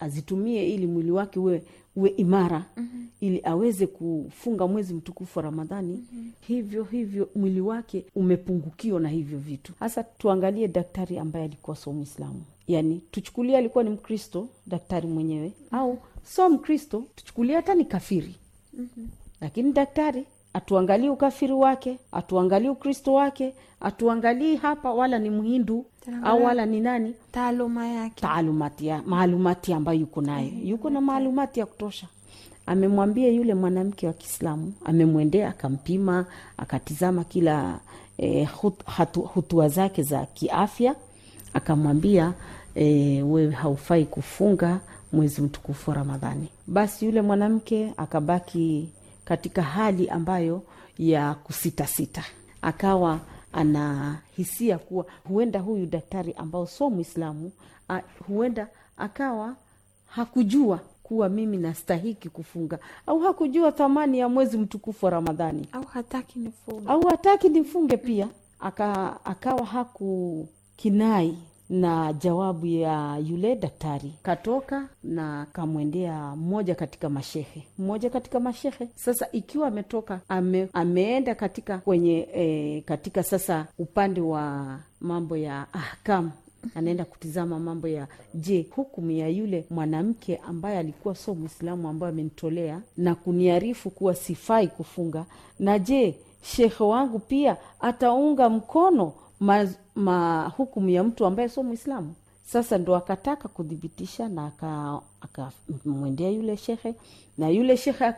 azitumie az, ili mwili wake uwe uwe imara mm -hmm. ili aweze kufunga mwezi mtukufu wa Ramadhani mm -hmm. hivyo hivyo mwili wake umepungukiwa na hivyo vitu. Hasa tuangalie daktari ambaye alikuwa so Mwislamu, yani tuchukulie alikuwa ni Mkristo daktari mwenyewe mm -hmm. au so Mkristo tuchukulie hata ni kafiri mm -hmm. lakini daktari atuangalii ukafiri wake, atuangalii ukristo wake, atuangalii hapa wala ni mhindu au wala ni nani, taaluma yake, taalumati, maalumati ambayo yuko nayo, yuko na maalumati ya kutosha. Amemwambia yule mwanamke wa Kiislamu, amemwendea akampima, akatizama kila eh, hutua zake za kiafya, akamwambia e, wewe haufai kufunga mwezi mtukufu wa Ramadhani. Basi yule mwanamke akabaki katika hali ambayo ya kusitasita, akawa anahisia kuwa huenda huyu daktari ambao sio Mwislamu, huenda akawa hakujua kuwa mimi nastahiki kufunga au hakujua thamani ya mwezi mtukufu wa Ramadhani au hataki nifunge, au hataki nifunge pia aka, akawa hakukinai na jawabu ya yule daktari katoka na kamwendea mmoja katika mashehe, mmoja katika mashehe. Sasa ikiwa ametoka ame, ameenda katika kwenye e, katika sasa upande wa mambo ya ahkamu anaenda kutizama mambo ya je, hukumu ya yule mwanamke ambaye alikuwa so Mwislamu, ambaye amenitolea na kuniarifu kuwa sifai kufunga, na je, shehe wangu pia ataunga mkono mahukumu ma, ya mtu ambaye sio Mwislamu. Sasa ndo akataka kuthibitisha na akamwendea yule shehe, na yule shehe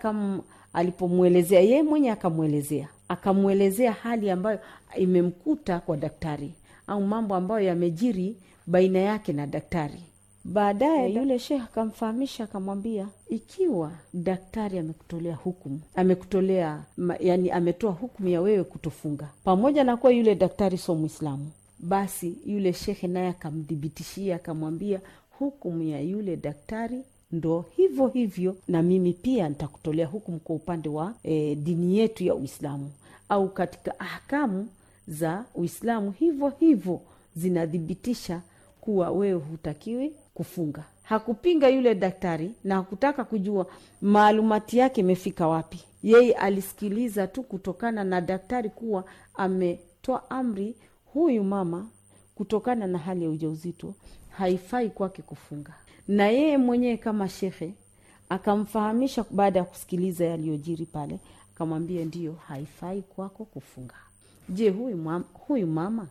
alipomwelezea yeye mwenye akamwelezea akamwelezea hali ambayo imemkuta kwa daktari au mambo ambayo yamejiri baina yake na daktari Baadaye yule shekhe akamfahamisha, akamwambia ikiwa daktari amekutolea hukumu, amekutolea yani, ametoa hukumu ya wewe kutofunga, pamoja na kuwa yule daktari sio Mwislamu, basi yule shekhe naye akamdhibitishia, akamwambia hukumu ya yule daktari ndo hivyo hivyo, na mimi pia nitakutolea hukumu kwa upande wa e, dini yetu ya Uislamu au katika ahkamu za Uislamu, hivyo hivyo zinathibitisha kuwa wewe hutakiwi kufunga. Hakupinga yule daktari na hakutaka kujua maalumati yake imefika wapi. Yeye alisikiliza tu kutokana na daktari kuwa ametoa amri, huyu mama kutokana na hali ya ujauzito haifai kwake kufunga, na yeye mwenyewe kama shehe akamfahamisha. Baada ya kusikiliza yaliyojiri pale, akamwambia ndiyo, haifai kwako kufunga. Je, huyu mama, huyu mama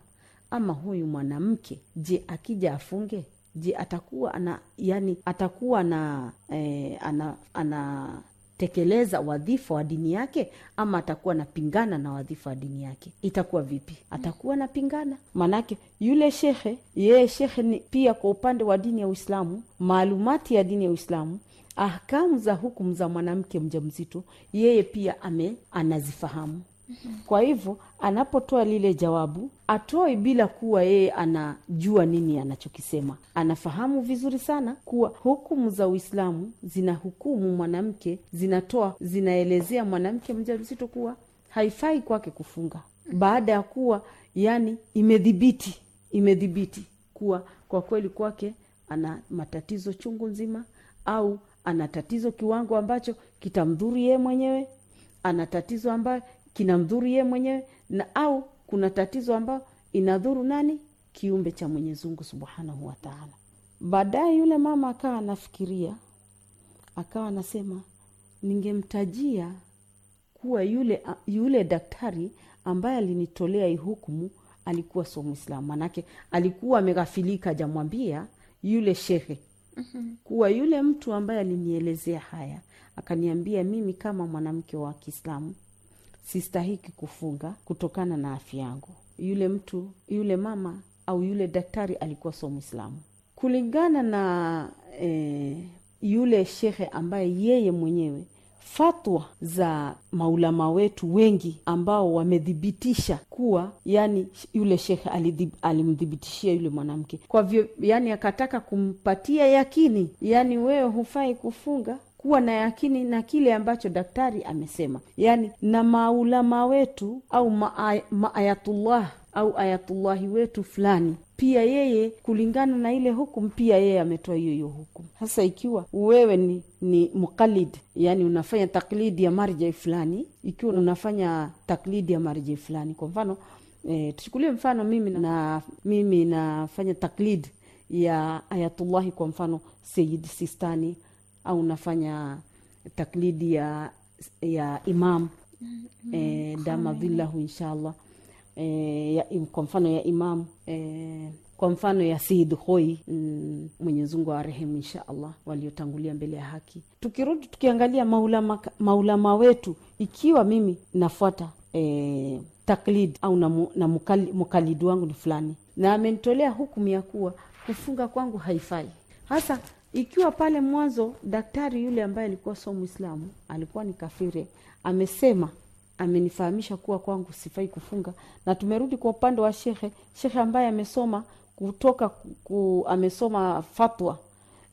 ama huyu mwanamke, je akija afunge je atakuwa ana yani atakuwa na eh, ana, ana tekeleza wadhifa wa dini yake ama atakuwa napingana na wadhifa wa dini yake itakuwa vipi atakuwa napingana maanake yule shekhe yeye shekhe ni pia kwa upande wa dini ya uislamu maalumati ya dini ya uislamu ahkamu za hukumu za mwanamke mja mzito yeye pia ame anazifahamu kwa hivyo anapotoa lile jawabu atoe bila kuwa yeye anajua nini anachokisema. Anafahamu vizuri sana kuwa hukumu za Uislamu zinahukumu mwanamke, zinatoa zinaelezea mwanamke mjamzito kuwa haifai kwake kufunga baada ya kuwa yani imedhibiti imedhibiti kuwa kwa kweli kwake ana matatizo chungu nzima, au ana tatizo kiwango ambacho kitamdhuri yeye mwenyewe, ana tatizo ambayo kinamdhuru yeye mwenyewe na au kuna tatizo ambayo inadhuru nani kiumbe cha mwenyezungu subhanahu wataala baadaye yule mama akawa anafikiria akawa anasema ningemtajia kuwa yule yule daktari ambaye alinitolea hii alikuwa so mwislamu manake alikuwa ameghafilika ajamwambia yule shehe mm-hmm. kuwa yule mtu ambaye alinielezea haya akaniambia mimi kama mwanamke wa kiislamu sistahiki kufunga kutokana na afya yangu. Yule mtu yule mama au yule daktari alikuwa sio Mwislamu kulingana na e, yule shekhe ambaye yeye mwenyewe fatwa za maulama wetu wengi ambao wamethibitisha kuwa yani, yule shekhe alimthibitishia yule mwanamke kwa vyo, yani akataka kumpatia yakini, yani wewe hufai kufunga kuwa na yakini na kile ambacho daktari amesema, yaani na maulama wetu au maayatullah ma au ayatullahi wetu fulani pia yeye kulingana na ile hukumu pia yeye ametoa hiyo hiyo hukumu. Sasa ikiwa wewe ni ni mukalid, yani unafanya taklidi ya marjai fulani, ikiwa unafanya taklidi ya marjai fulani, kwa mfano e, tuchukulie mfano mimi na mimi nafanya taklidi ya Ayatullahi, kwa mfano Seyid Sistani au unafanya taklidi ya, ya imam mm -hmm. e, dama villahu inshallah e, ya, kwa mfano ya imamu e, eh, kwa mfano ya sid Hoi mm, mwenyezungu wa rehemu insha Allah waliotangulia mbele ya haki. Tukirudi tukiangalia maulama, maulama wetu, ikiwa mimi nafuata e, eh, taklid au na, na mukali, mukalidi wangu ni fulani na amenitolea hukumu ya kuwa kufunga kwangu haifai, hasa ikiwa pale mwanzo daktari yule ambaye alikuwa so mwislamu alikuwa ni kafiri amesema amenifahamisha kuwa kwangu sifai kufunga na tumerudi kwa upande wa shekhe shekhe ambaye amesoma kutoka ku, amesoma fatwa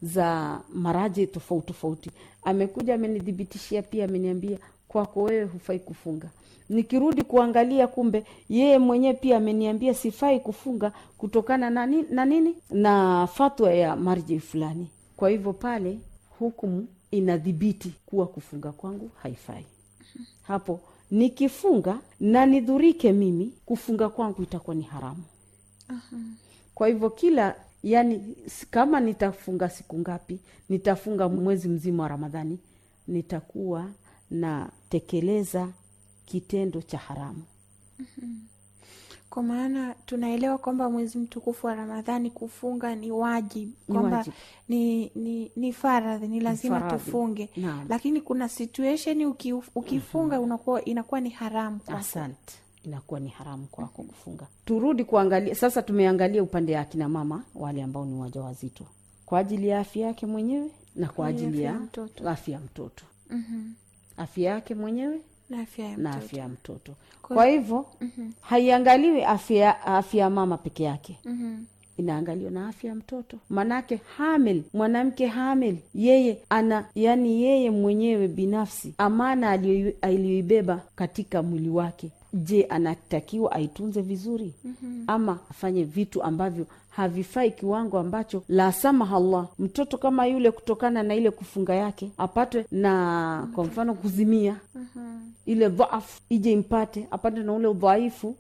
za maraji tofauti tofauti amekuja amenithibitishia pia ameniambia kwako wewe hufai kufunga nikirudi kuangalia kumbe yeye mwenyewe pia ameniambia sifai kufunga kutokana na nini na, fatwa ya marji fulani kwa hivyo pale hukumu inadhibiti kuwa kufunga kwangu haifai. Hapo nikifunga na nidhurike mimi, kufunga kwangu itakuwa ni haramu. Kwa hivyo kila yani, kama nitafunga siku ngapi, nitafunga mwezi mzima wa Ramadhani, nitakuwa natekeleza kitendo cha haramu. Mhm kwa maana tunaelewa kwamba mwezi mtukufu wa Ramadhani kufunga ni wajib kwamba ni, ni, ni faradhi, ni lazima faradhi. tufunge na. Lakini kuna situesheni ukifunga mhm. unakuwa inakuwa ni haramu Asante, inakuwa ni haramu kwako mhm. kufunga. Turudi kuangalia sasa, tumeangalia upande ya akina mama wale ambao ni wajawazito kwa ajili ya afya yake mwenyewe na kwa ajili ya afya ya mtoto, afya mhm. yake mwenyewe na afya ya mtoto, afya ya mtoto. Kwa, kwa hivyo mm -hmm. haiangaliwi afya, afya ya mama peke yake mm -hmm inaangaliwa na afya ya mtoto, manake hamel mwanamke hamel yeye ana yani, yeye mwenyewe binafsi amana aliyoibeba katika mwili wake je, anatakiwa aitunze vizuri mm -hmm. ama afanye vitu ambavyo havifai kiwango ambacho la samaha Allah mtoto kama yule kutokana na ile kufunga yake apatwe na kwa mfano kuzimia mm -hmm. ile dhaafu ije impate apate na ule udhaifu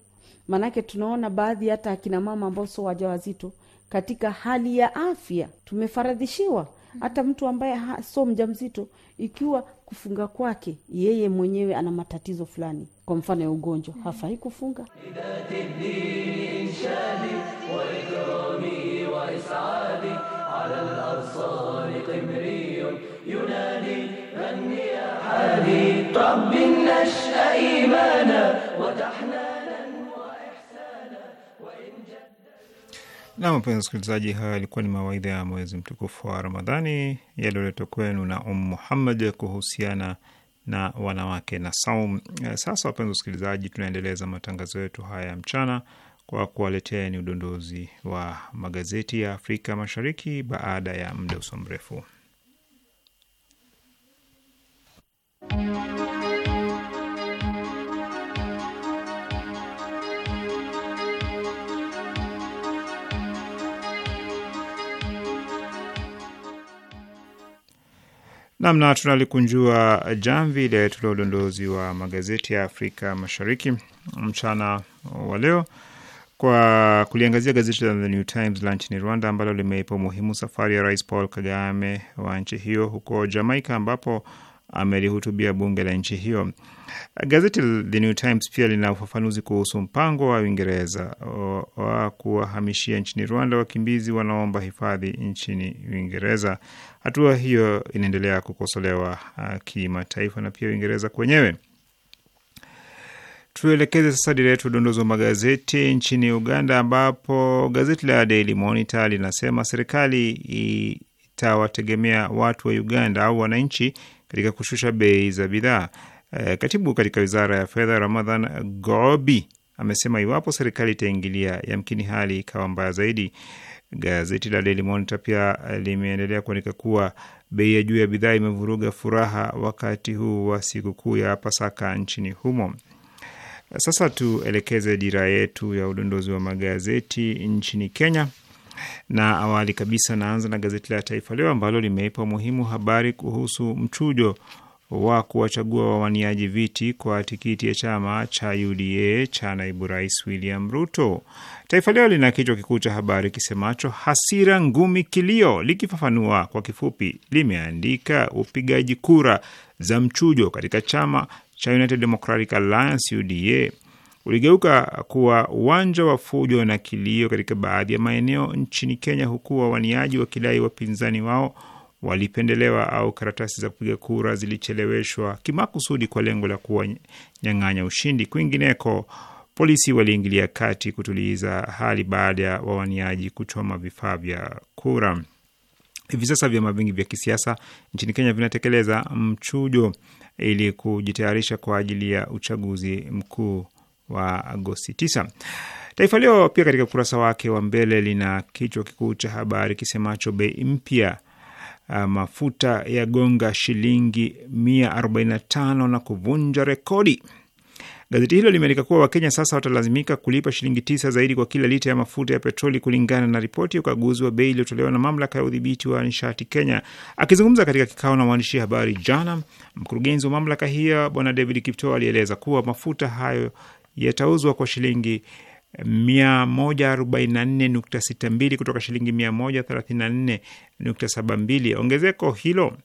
maanake tunaona baadhi hata akina mama ambao sio wajawazito katika hali ya afya tumefaradhishiwa mhm. hata mtu ambaye sio mjamzito, ikiwa kufunga kwake yeye mwenyewe ana matatizo fulani, kwa mfano ya ugonjwa, hafai kufunga. Na mpenzi msikilizaji, haya yalikuwa ni mawaidha ya mwezi mtukufu wa Ramadhani yaliyoletwa kwenu na Umu Muhammad kuhusiana na wanawake na saum. Eh, sasa wapenzi wasikilizaji, tunaendeleza matangazo yetu haya ya mchana kwa kuwaletea ni udondozi wa magazeti ya Afrika Mashariki baada ya muda usio mrefu. Namna tunalikunjua jamvi ile tula udondozi wa magazeti ya Afrika Mashariki mchana wa leo kwa kuliangazia gazeti la The New Times la nchini Rwanda ambalo limeipa umuhimu safari ya Rais Paul Kagame wa nchi hiyo huko Jamaika ambapo amelihutubia bunge la nchi hiyo. Gazeti The New Times pia lina ufafanuzi kuhusu mpango wa Uingereza uh, wa kuwahamishia nchini Rwanda wakimbizi wanaomba hifadhi nchini Uingereza. Hatua hiyo inaendelea kukosolewa uh, kimataifa na pia Uingereza kwenyewe. Tuelekeze sasa dira yetu udondozi wa magazeti nchini Uganda, ambapo gazeti la Daily Monitor linasema serikali itawategemea watu wa Uganda au wananchi katika kushusha bei za bidhaa. E, katibu katika wizara ya fedha Ramadhan Gobi amesema iwapo serikali itaingilia, yamkini hali ikawa mbaya zaidi. Gazeti la Daily Monitor pia eh, limeendelea kuandika kuwa bei ya juu ya bidhaa imevuruga furaha wakati huu wa sikukuu ya Pasaka nchini humo. Sasa tuelekeze dira yetu ya udondozi wa magazeti nchini Kenya na awali kabisa, naanza na gazeti la Taifa Leo ambalo limeipa umuhimu habari kuhusu mchujo wa kuwachagua wawaniaji viti kwa tikiti ya chama cha UDA cha naibu rais William Ruto. Taifa Leo lina kichwa kikuu cha habari kisemacho hasira, ngumi, kilio. Likifafanua kwa kifupi, limeandika upigaji kura za mchujo katika chama cha United Democratic Alliance UDA uligeuka kuwa uwanja wa fujo na kilio katika baadhi ya maeneo nchini Kenya, huku wawaniaji wakidai wapinzani wao walipendelewa au karatasi za kupiga kura zilicheleweshwa kimakusudi kwa lengo la kuwanyang'anya ushindi. Kwingineko, polisi waliingilia kati kutuliza hali baada ya wawaniaji kuchoma vifaa vya kura. Hivi sasa vyama vingi vya kisiasa nchini Kenya vinatekeleza mchujo ili kujitayarisha kwa ajili ya uchaguzi mkuu wa Agosti 9. Taifa Leo pia katika ukurasa wake wa mbele lina kichwa kikuu cha habari kisemacho bei mpya ah, mafuta ya gonga shilingi 145 na kuvunja rekodi. Gazeti hilo limeandika kuwa Wakenya sasa watalazimika kulipa shilingi tisa zaidi kwa kila lita ya mafuta ya petroli kulingana na ripoti ya ukaguzi wa bei iliyotolewa na mamlaka ya udhibiti wa nishati Kenya. Akizungumza katika kikao na waandishi habari jana, mkurugenzi wa mamlaka hiyo Bwana David Kipto alieleza kuwa mafuta hayo yatauzwa kwa shilingi 144.62 kutoka shilingi 134.72. Ongezeko hilo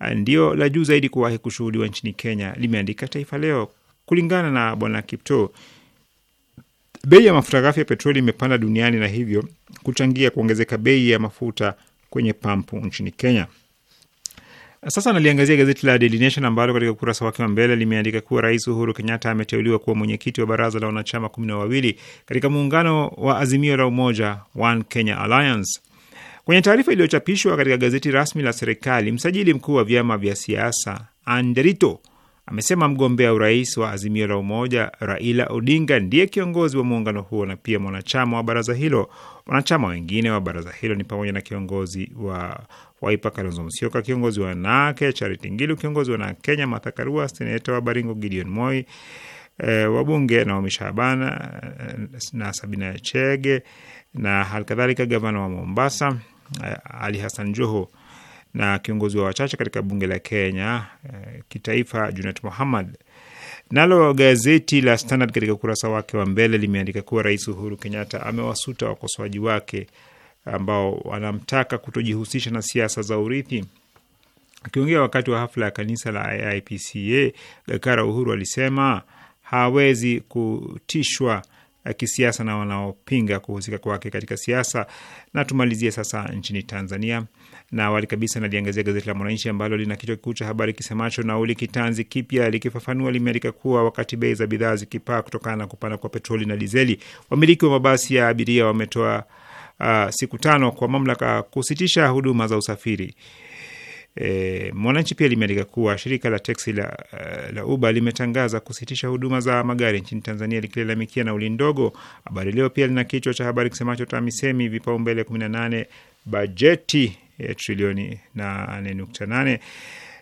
eh, ndio la juu zaidi kuwahi kushuhudiwa nchini Kenya, limeandika Taifa Leo. Kulingana na Bwana Kipto, bei ya mafuta ghafi ya petroli imepanda duniani na hivyo kuchangia kuongezeka bei ya mafuta kwenye pampu nchini Kenya. Sasa naliangazia gazeti la Daily Nation ambalo katika ukurasa wake wa mbele limeandika kuwa Rais Uhuru Kenyatta ameteuliwa kuwa mwenyekiti wa baraza la wanachama kumi na wawili katika muungano wa Azimio la Umoja One Kenya Alliance. Kwenye taarifa iliyochapishwa katika gazeti rasmi la serikali, msajili mkuu wa vyama vya siasa Anderito amesema mgombea urais wa Azimio la Umoja Raila Odinga ndiye kiongozi wa muungano huo na pia mwanachama wa baraza hilo. Wanachama wengine wa baraza hilo ni pamoja na kiongozi wa Waipa Kalonzo Musyoka, kiongozi wa wanawake Charity Ngilu, kiongozi wa Kenya Martha Karua, seneta wa Baringo Gideon Moi, e, wabunge Naomi Shaban eh, na Sabina Chege na halikadhalika gavana wa Mombasa eh, Ali Hassan Joho na kiongozi wa wachache katika bunge la Kenya e, kitaifa Junet Mohammad. Nalo gazeti la Standard katika ukurasa wake wa mbele limeandika kuwa Rais Uhuru Kenyatta amewasuta wakosoaji wake ambao wanamtaka kutojihusisha na siasa za urithi. Akiongea wakati wa hafla ya kanisa la IPCA, Gakara Uhuru alisema hawezi kutishwa kisiasa na wanaopinga kuhusika kwake katika siasa. Na tumalizie sasa nchini Tanzania na awali kabisa naliangazia gazeti la Mwananchi ambalo lina kichwa kikuu cha habari kisemacho nauli kitanzi kipya. Likifafanua, limeandika kuwa wakati bei za bidhaa zikipaa kutokana na kupanda kwa petroli na dizeli, wamiliki wa mabasi ya abiria wametoa uh, siku tano kwa mamlaka kusitisha huduma za usafiri. E, Mwananchi pia limeandika kuwa shirika la teksi la, uh, la Uber limetangaza kusitisha huduma za magari nchini Tanzania likilalamikia nauli ndogo. Habari Leo pia lina kichwa cha habari kisemacho TAMISEMI vipaumbele 18 bajeti ya eh, trilioni 8.8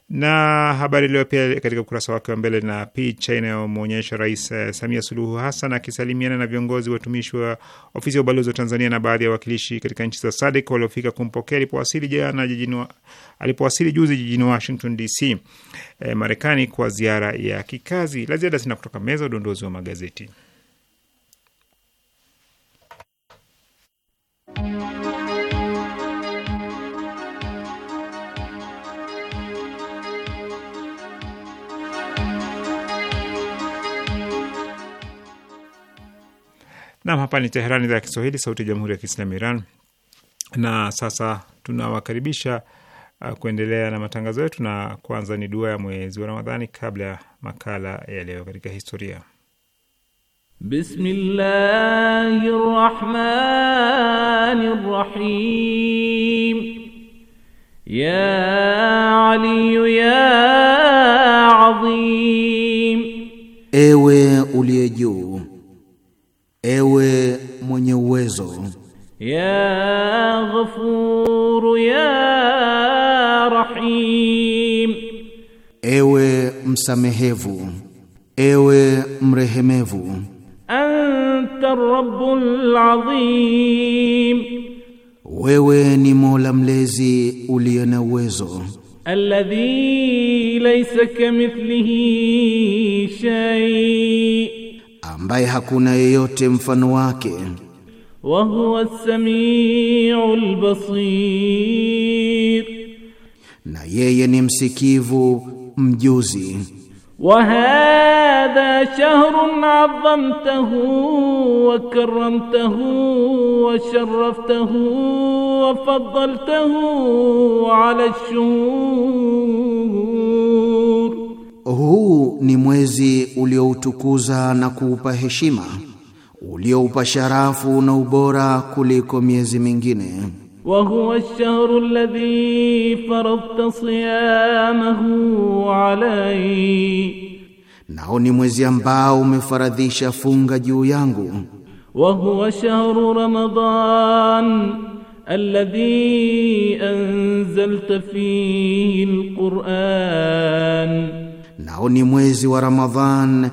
na Habari Leo pia katika ukurasa wake wa mbele na picha inayomwonyesha Rais eh, Samia Suluhu Hassan akisalimiana na viongozi watumishi wa ofisi ya ubalozi wa Tanzania na baadhi ya wawakilishi katika nchi za SADC waliofika kumpokea alipowasili jana jijini alipowasili juzi jijini Washington DC, e, eh, Marekani kwa ziara ya kikazi. La ziada sina kutoka meza udondozi wa magazeti Nam, hapa ni Teherani, idhaa ya Kiswahili, sauti ya jamhuri ya kiislamu Iran. Na sasa tunawakaribisha uh, kuendelea na matangazo yetu, na kwanza ni dua ya mwezi wa Ramadhani kabla ya makala ya leo katika historia. Bismillahi rahim. Ya Ali ya azim. Ewe ewe mwenye uwezo. Ya Ghafur ya Rahim, ewe msamehevu, ewe mrehemevu. Anta Rabbul Azim, wewe ni Mola mlezi uliye na uwezo. Alladhi laysa kamithlihi shay ambaye hakuna yeyote mfano wake. Wa huwa as-sami'ul basir, na yeye ni msikivu mjuzi. Wa hadha shahrun 'azzamtahu wa karramtahu wa sharraftahu wa faddaltahu 'ala ash-shuhur huu ni mwezi ulioutukuza na kuupa heshima, ulioupa sharafu na ubora kuliko miezi mingine. Wa huwa ash shahr alladhi faradta siyamahu alayhi, nao ni mwezi ambao umefaradhisha funga juu yangu. Wa huwa shahru Ramadan alladhi anzalta fihi al-Qur'an nao ni mwezi wa Ramadhan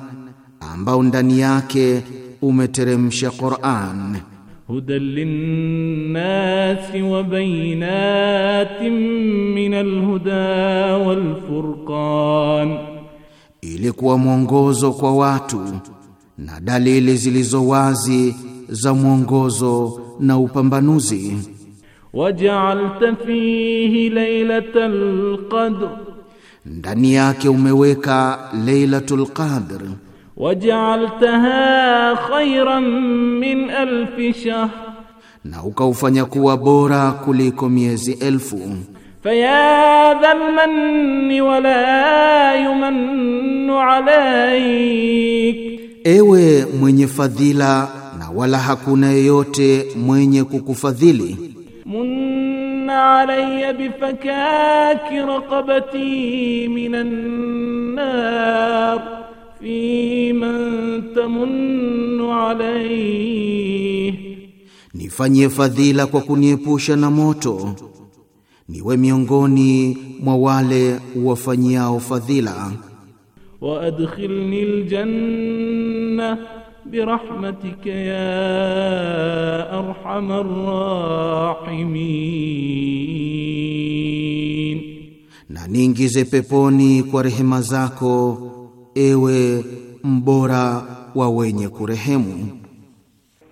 ambao ndani yake umeteremsha Qur'an. hudan linnasi wa bainatin min alhuda walfurqan, ili kuwa mwongozo kwa watu na dalili zilizo wazi za mwongozo na upambanuzi. waj'alta fihi laylatal qadr ndani yake umeweka Lailatul Qadr, waj'altaha khayran min alf shahr, na ukaufanya kuwa bora kuliko miezi elfu. Faya dhal manni la yumannu alayk, ewe mwenye fadhila na wala hakuna yeyote mwenye kukufadhili Mun علي بفكاك رقبتي من النار في من تمن عليه nifanyie fadhila kwa kuniepusha na moto, niwe miongoni mwa wale wafanyiao fadhila. wa adkhilni aljanna برحمتك يا أرحم الراحمين na niingize peponi kwa rehema zako ewe mbora wa wenye kurehemu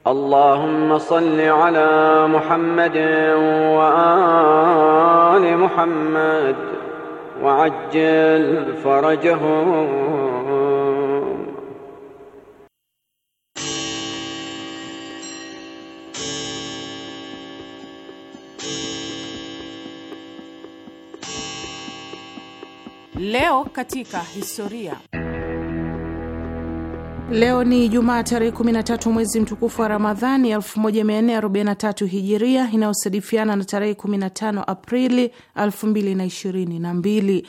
اللهم صل على محمد وآل محمد وعجل فرجهم Leo katika historia. Leo ni Jumaa tarehe 13 mwezi mtukufu wa Ramadhani 1443 Hijiria, inayosadifiana na tarehe 15 Aprili 2022.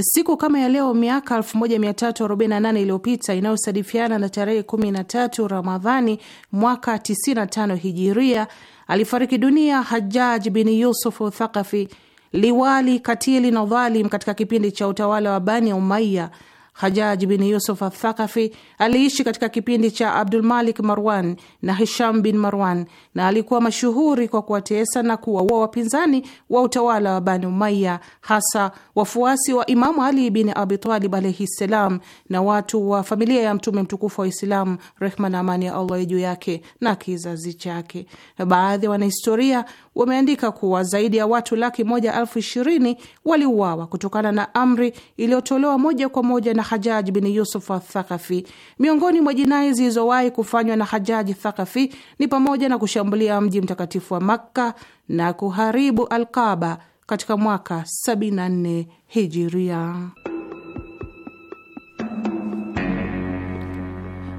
Siku kama ya leo miaka 1348 iliyopita inayosadifiana na tarehe 13 Ramadhani mwaka 95 Hijiria, alifariki dunia Hajjaj bin Yusuf Uthaqafi, liwali katili na dhalim katika kipindi cha utawala wa Bani Umaya Hajaj bin Yusuf Athakafi aliishi katika kipindi cha Abdulmalik Marwan na Hisham bin Marwan na alikuwa mashuhuri kwa kuwatesa na kuwaua wapinzani wa utawala wa Bani Umaya, hasa wafuasi wa Imamu Ali bin Abitalib alaihi ssalam na watu wa familia ya Mtume mtukufu wa Islam, rehma na amani ya Allah juu yake na kizazi chake. Baadhi ya wanahistoria wameandika kuwa zaidi ya watu laki moja elfu ishirini waliuawa kutokana na amri iliyotolewa moja kwa moja na Hajaji bin Yusuf Athakafi. Miongoni mwa jinai zilizowahi kufanywa na Hajaji Thakafi ni pamoja na kushambulia mji mtakatifu wa Makka na kuharibu Alkaba katika mwaka 74 Hijiria.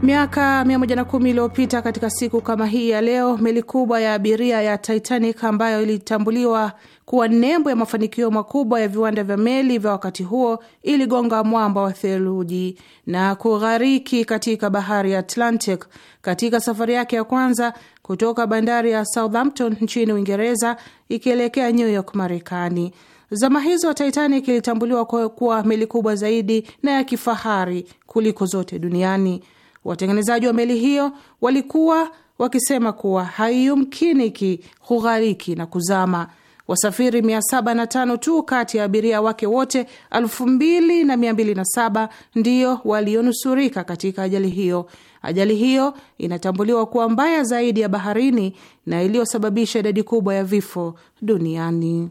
Miaka 110 iliyopita katika siku kama hii ya leo, meli kubwa ya abiria ya Titanic ambayo ilitambuliwa kuwa nembo ya mafanikio makubwa ya viwanda vya meli vya wakati huo, iligonga mwamba wa theluji na kughariki katika bahari ya Atlantic katika safari yake ya kwanza kutoka bandari ya Southampton nchini Uingereza ikielekea New York, Marekani. Zama hizo Titanic ilitambuliwa kuwa meli kubwa zaidi na ya kifahari kuliko zote duniani. Watengenezaji wa meli hiyo walikuwa wakisema kuwa haiyumkiniki kughariki na kuzama wasafiri 705 tu kati ya abiria wake wote 227 ndiyo walionusurika katika ajali hiyo. Ajali hiyo inatambuliwa kuwa mbaya zaidi ya baharini na iliyosababisha idadi kubwa ya vifo duniani.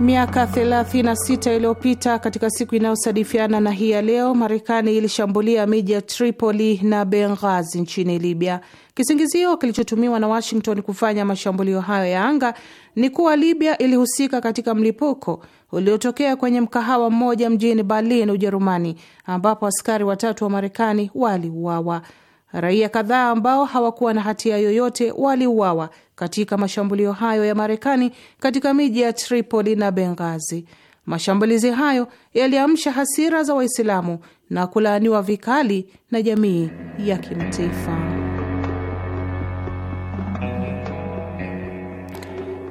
Miaka 36 iliyopita katika siku inayosadifiana na hii ya leo, Marekani ilishambulia miji ya Tripoli na Benghazi nchini Libya. Kisingizio kilichotumiwa na Washington kufanya mashambulio hayo ya anga ni kuwa Libya ilihusika katika mlipuko uliotokea kwenye mkahawa mmoja mjini Berlin, Ujerumani, ambapo askari watatu wa Marekani waliuawa. Raia kadhaa ambao hawakuwa na hatia yoyote waliuawa katika mashambulio hayo ya Marekani katika miji ya Tripoli na Benghazi. Mashambulizi hayo yaliamsha hasira za Waislamu na kulaaniwa vikali na jamii ya kimataifa.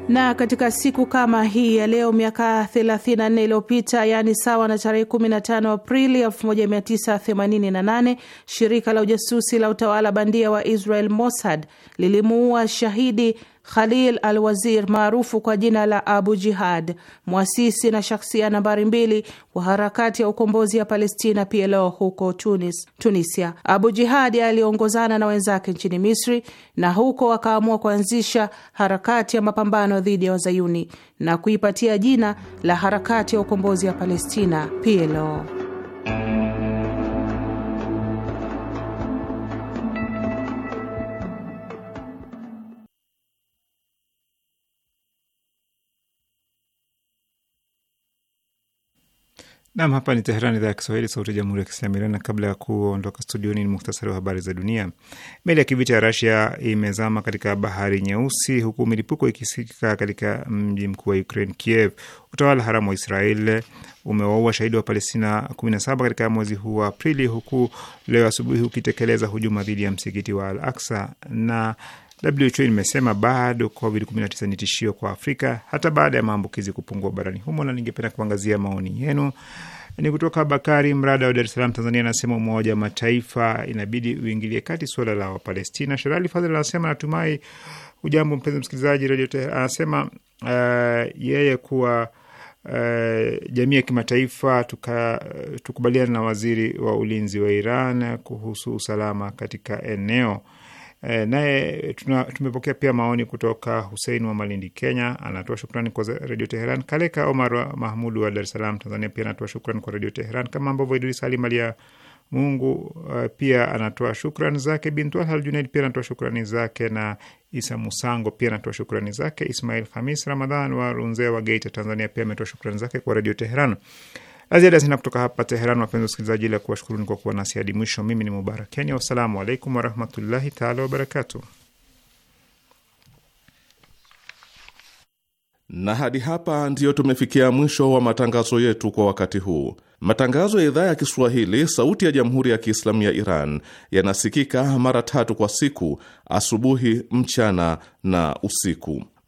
Na katika siku kama hii ya leo miaka 34 iliyopita, yaani sawa na tarehe 15 Aprili 1988, shirika la ujasusi la utawala bandia wa Israel Mossad lilimuua shahidi Khalil al Wazir maarufu kwa jina la Abu Jihad, mwasisi na shakhsia nambari mbili wa harakati ya ukombozi ya Palestina PLO huko Tunis, Tunisia. Abu Jihad aliongozana na wenzake nchini Misri na huko akaamua kuanzisha harakati ya mapambano dhidi ya wazayuni na kuipatia jina la harakati ya ukombozi ya Palestina PLO. Nam, hapa ni Teheran, idhaa ya Kiswahili, sauti ya jamhuri ya kiislamu Iran. Na kabla ya kuondoka studioni, ni muhtasari wa habari za dunia. Meli ya kivita ya Rasia imezama katika bahari Nyeusi, huku milipuko ikisikika katika mji mkuu wa Ukraine, Kiev. Utawala haramu wa Israel umewaua shahidi wa Palestina 17 katika mwezi huu wa Aprili, huku leo asubuhi ukitekeleza hujuma dhidi ya msikiti wa Al Aksa na WHO imesema bado COVID-19 ni tishio kwa Afrika hata baada ya maambukizi kupungua barani humo, na ningependa kuangazia maoni yenu. Ni kutoka Bakari Mrada wa Dar es Salaam, Tanzania, anasema Umoja wa Mataifa inabidi uingilie kati suala la Wapalestina. Sherali Fadhil anasema natumai ujambo mpenzi msikilizaji radio. Anasema uh, yeye kuwa Uh, jamii ya kimataifa tukubaliana na waziri wa ulinzi wa Iran kuhusu usalama katika eneo E, naye tumepokea pia maoni kutoka Husein wa Malindi, Kenya, anatoa shukrani kwa Redio Teheran. Kaleka Omar wa wa Dar es Salaam, Tanzania, pia anatoa shukrani kwa Redio Teheran, kama ambavyo Idris Ali Malia Mungu uh, pia anatoa shukrani zake. Bintu Junaid pia anatoa shukrani zake, na Isa Musango pia anatoa shukrani zake. Ismail Hamis Ramadhan wa Runzea wa Geita, Tanzania, pia ametoa shukrani zake kwa Redio Teheran. La ziada sina kutoka hapa Teheran, wapenzi wasikilizaji, ila kuwashukuruni kwa kuwa nasi hadi mwisho. Mimi ni Mubarak Kenya, wassalamu alaikum warahmatullahi taala wabarakatuh. Na hadi hapa ndiyo tumefikia mwisho wa matangazo yetu kwa wakati huu. Matangazo ya idhaa ya Kiswahili sauti ya jamhuri ya Kiislamu ya Iran yanasikika mara tatu kwa siku: asubuhi, mchana na usiku.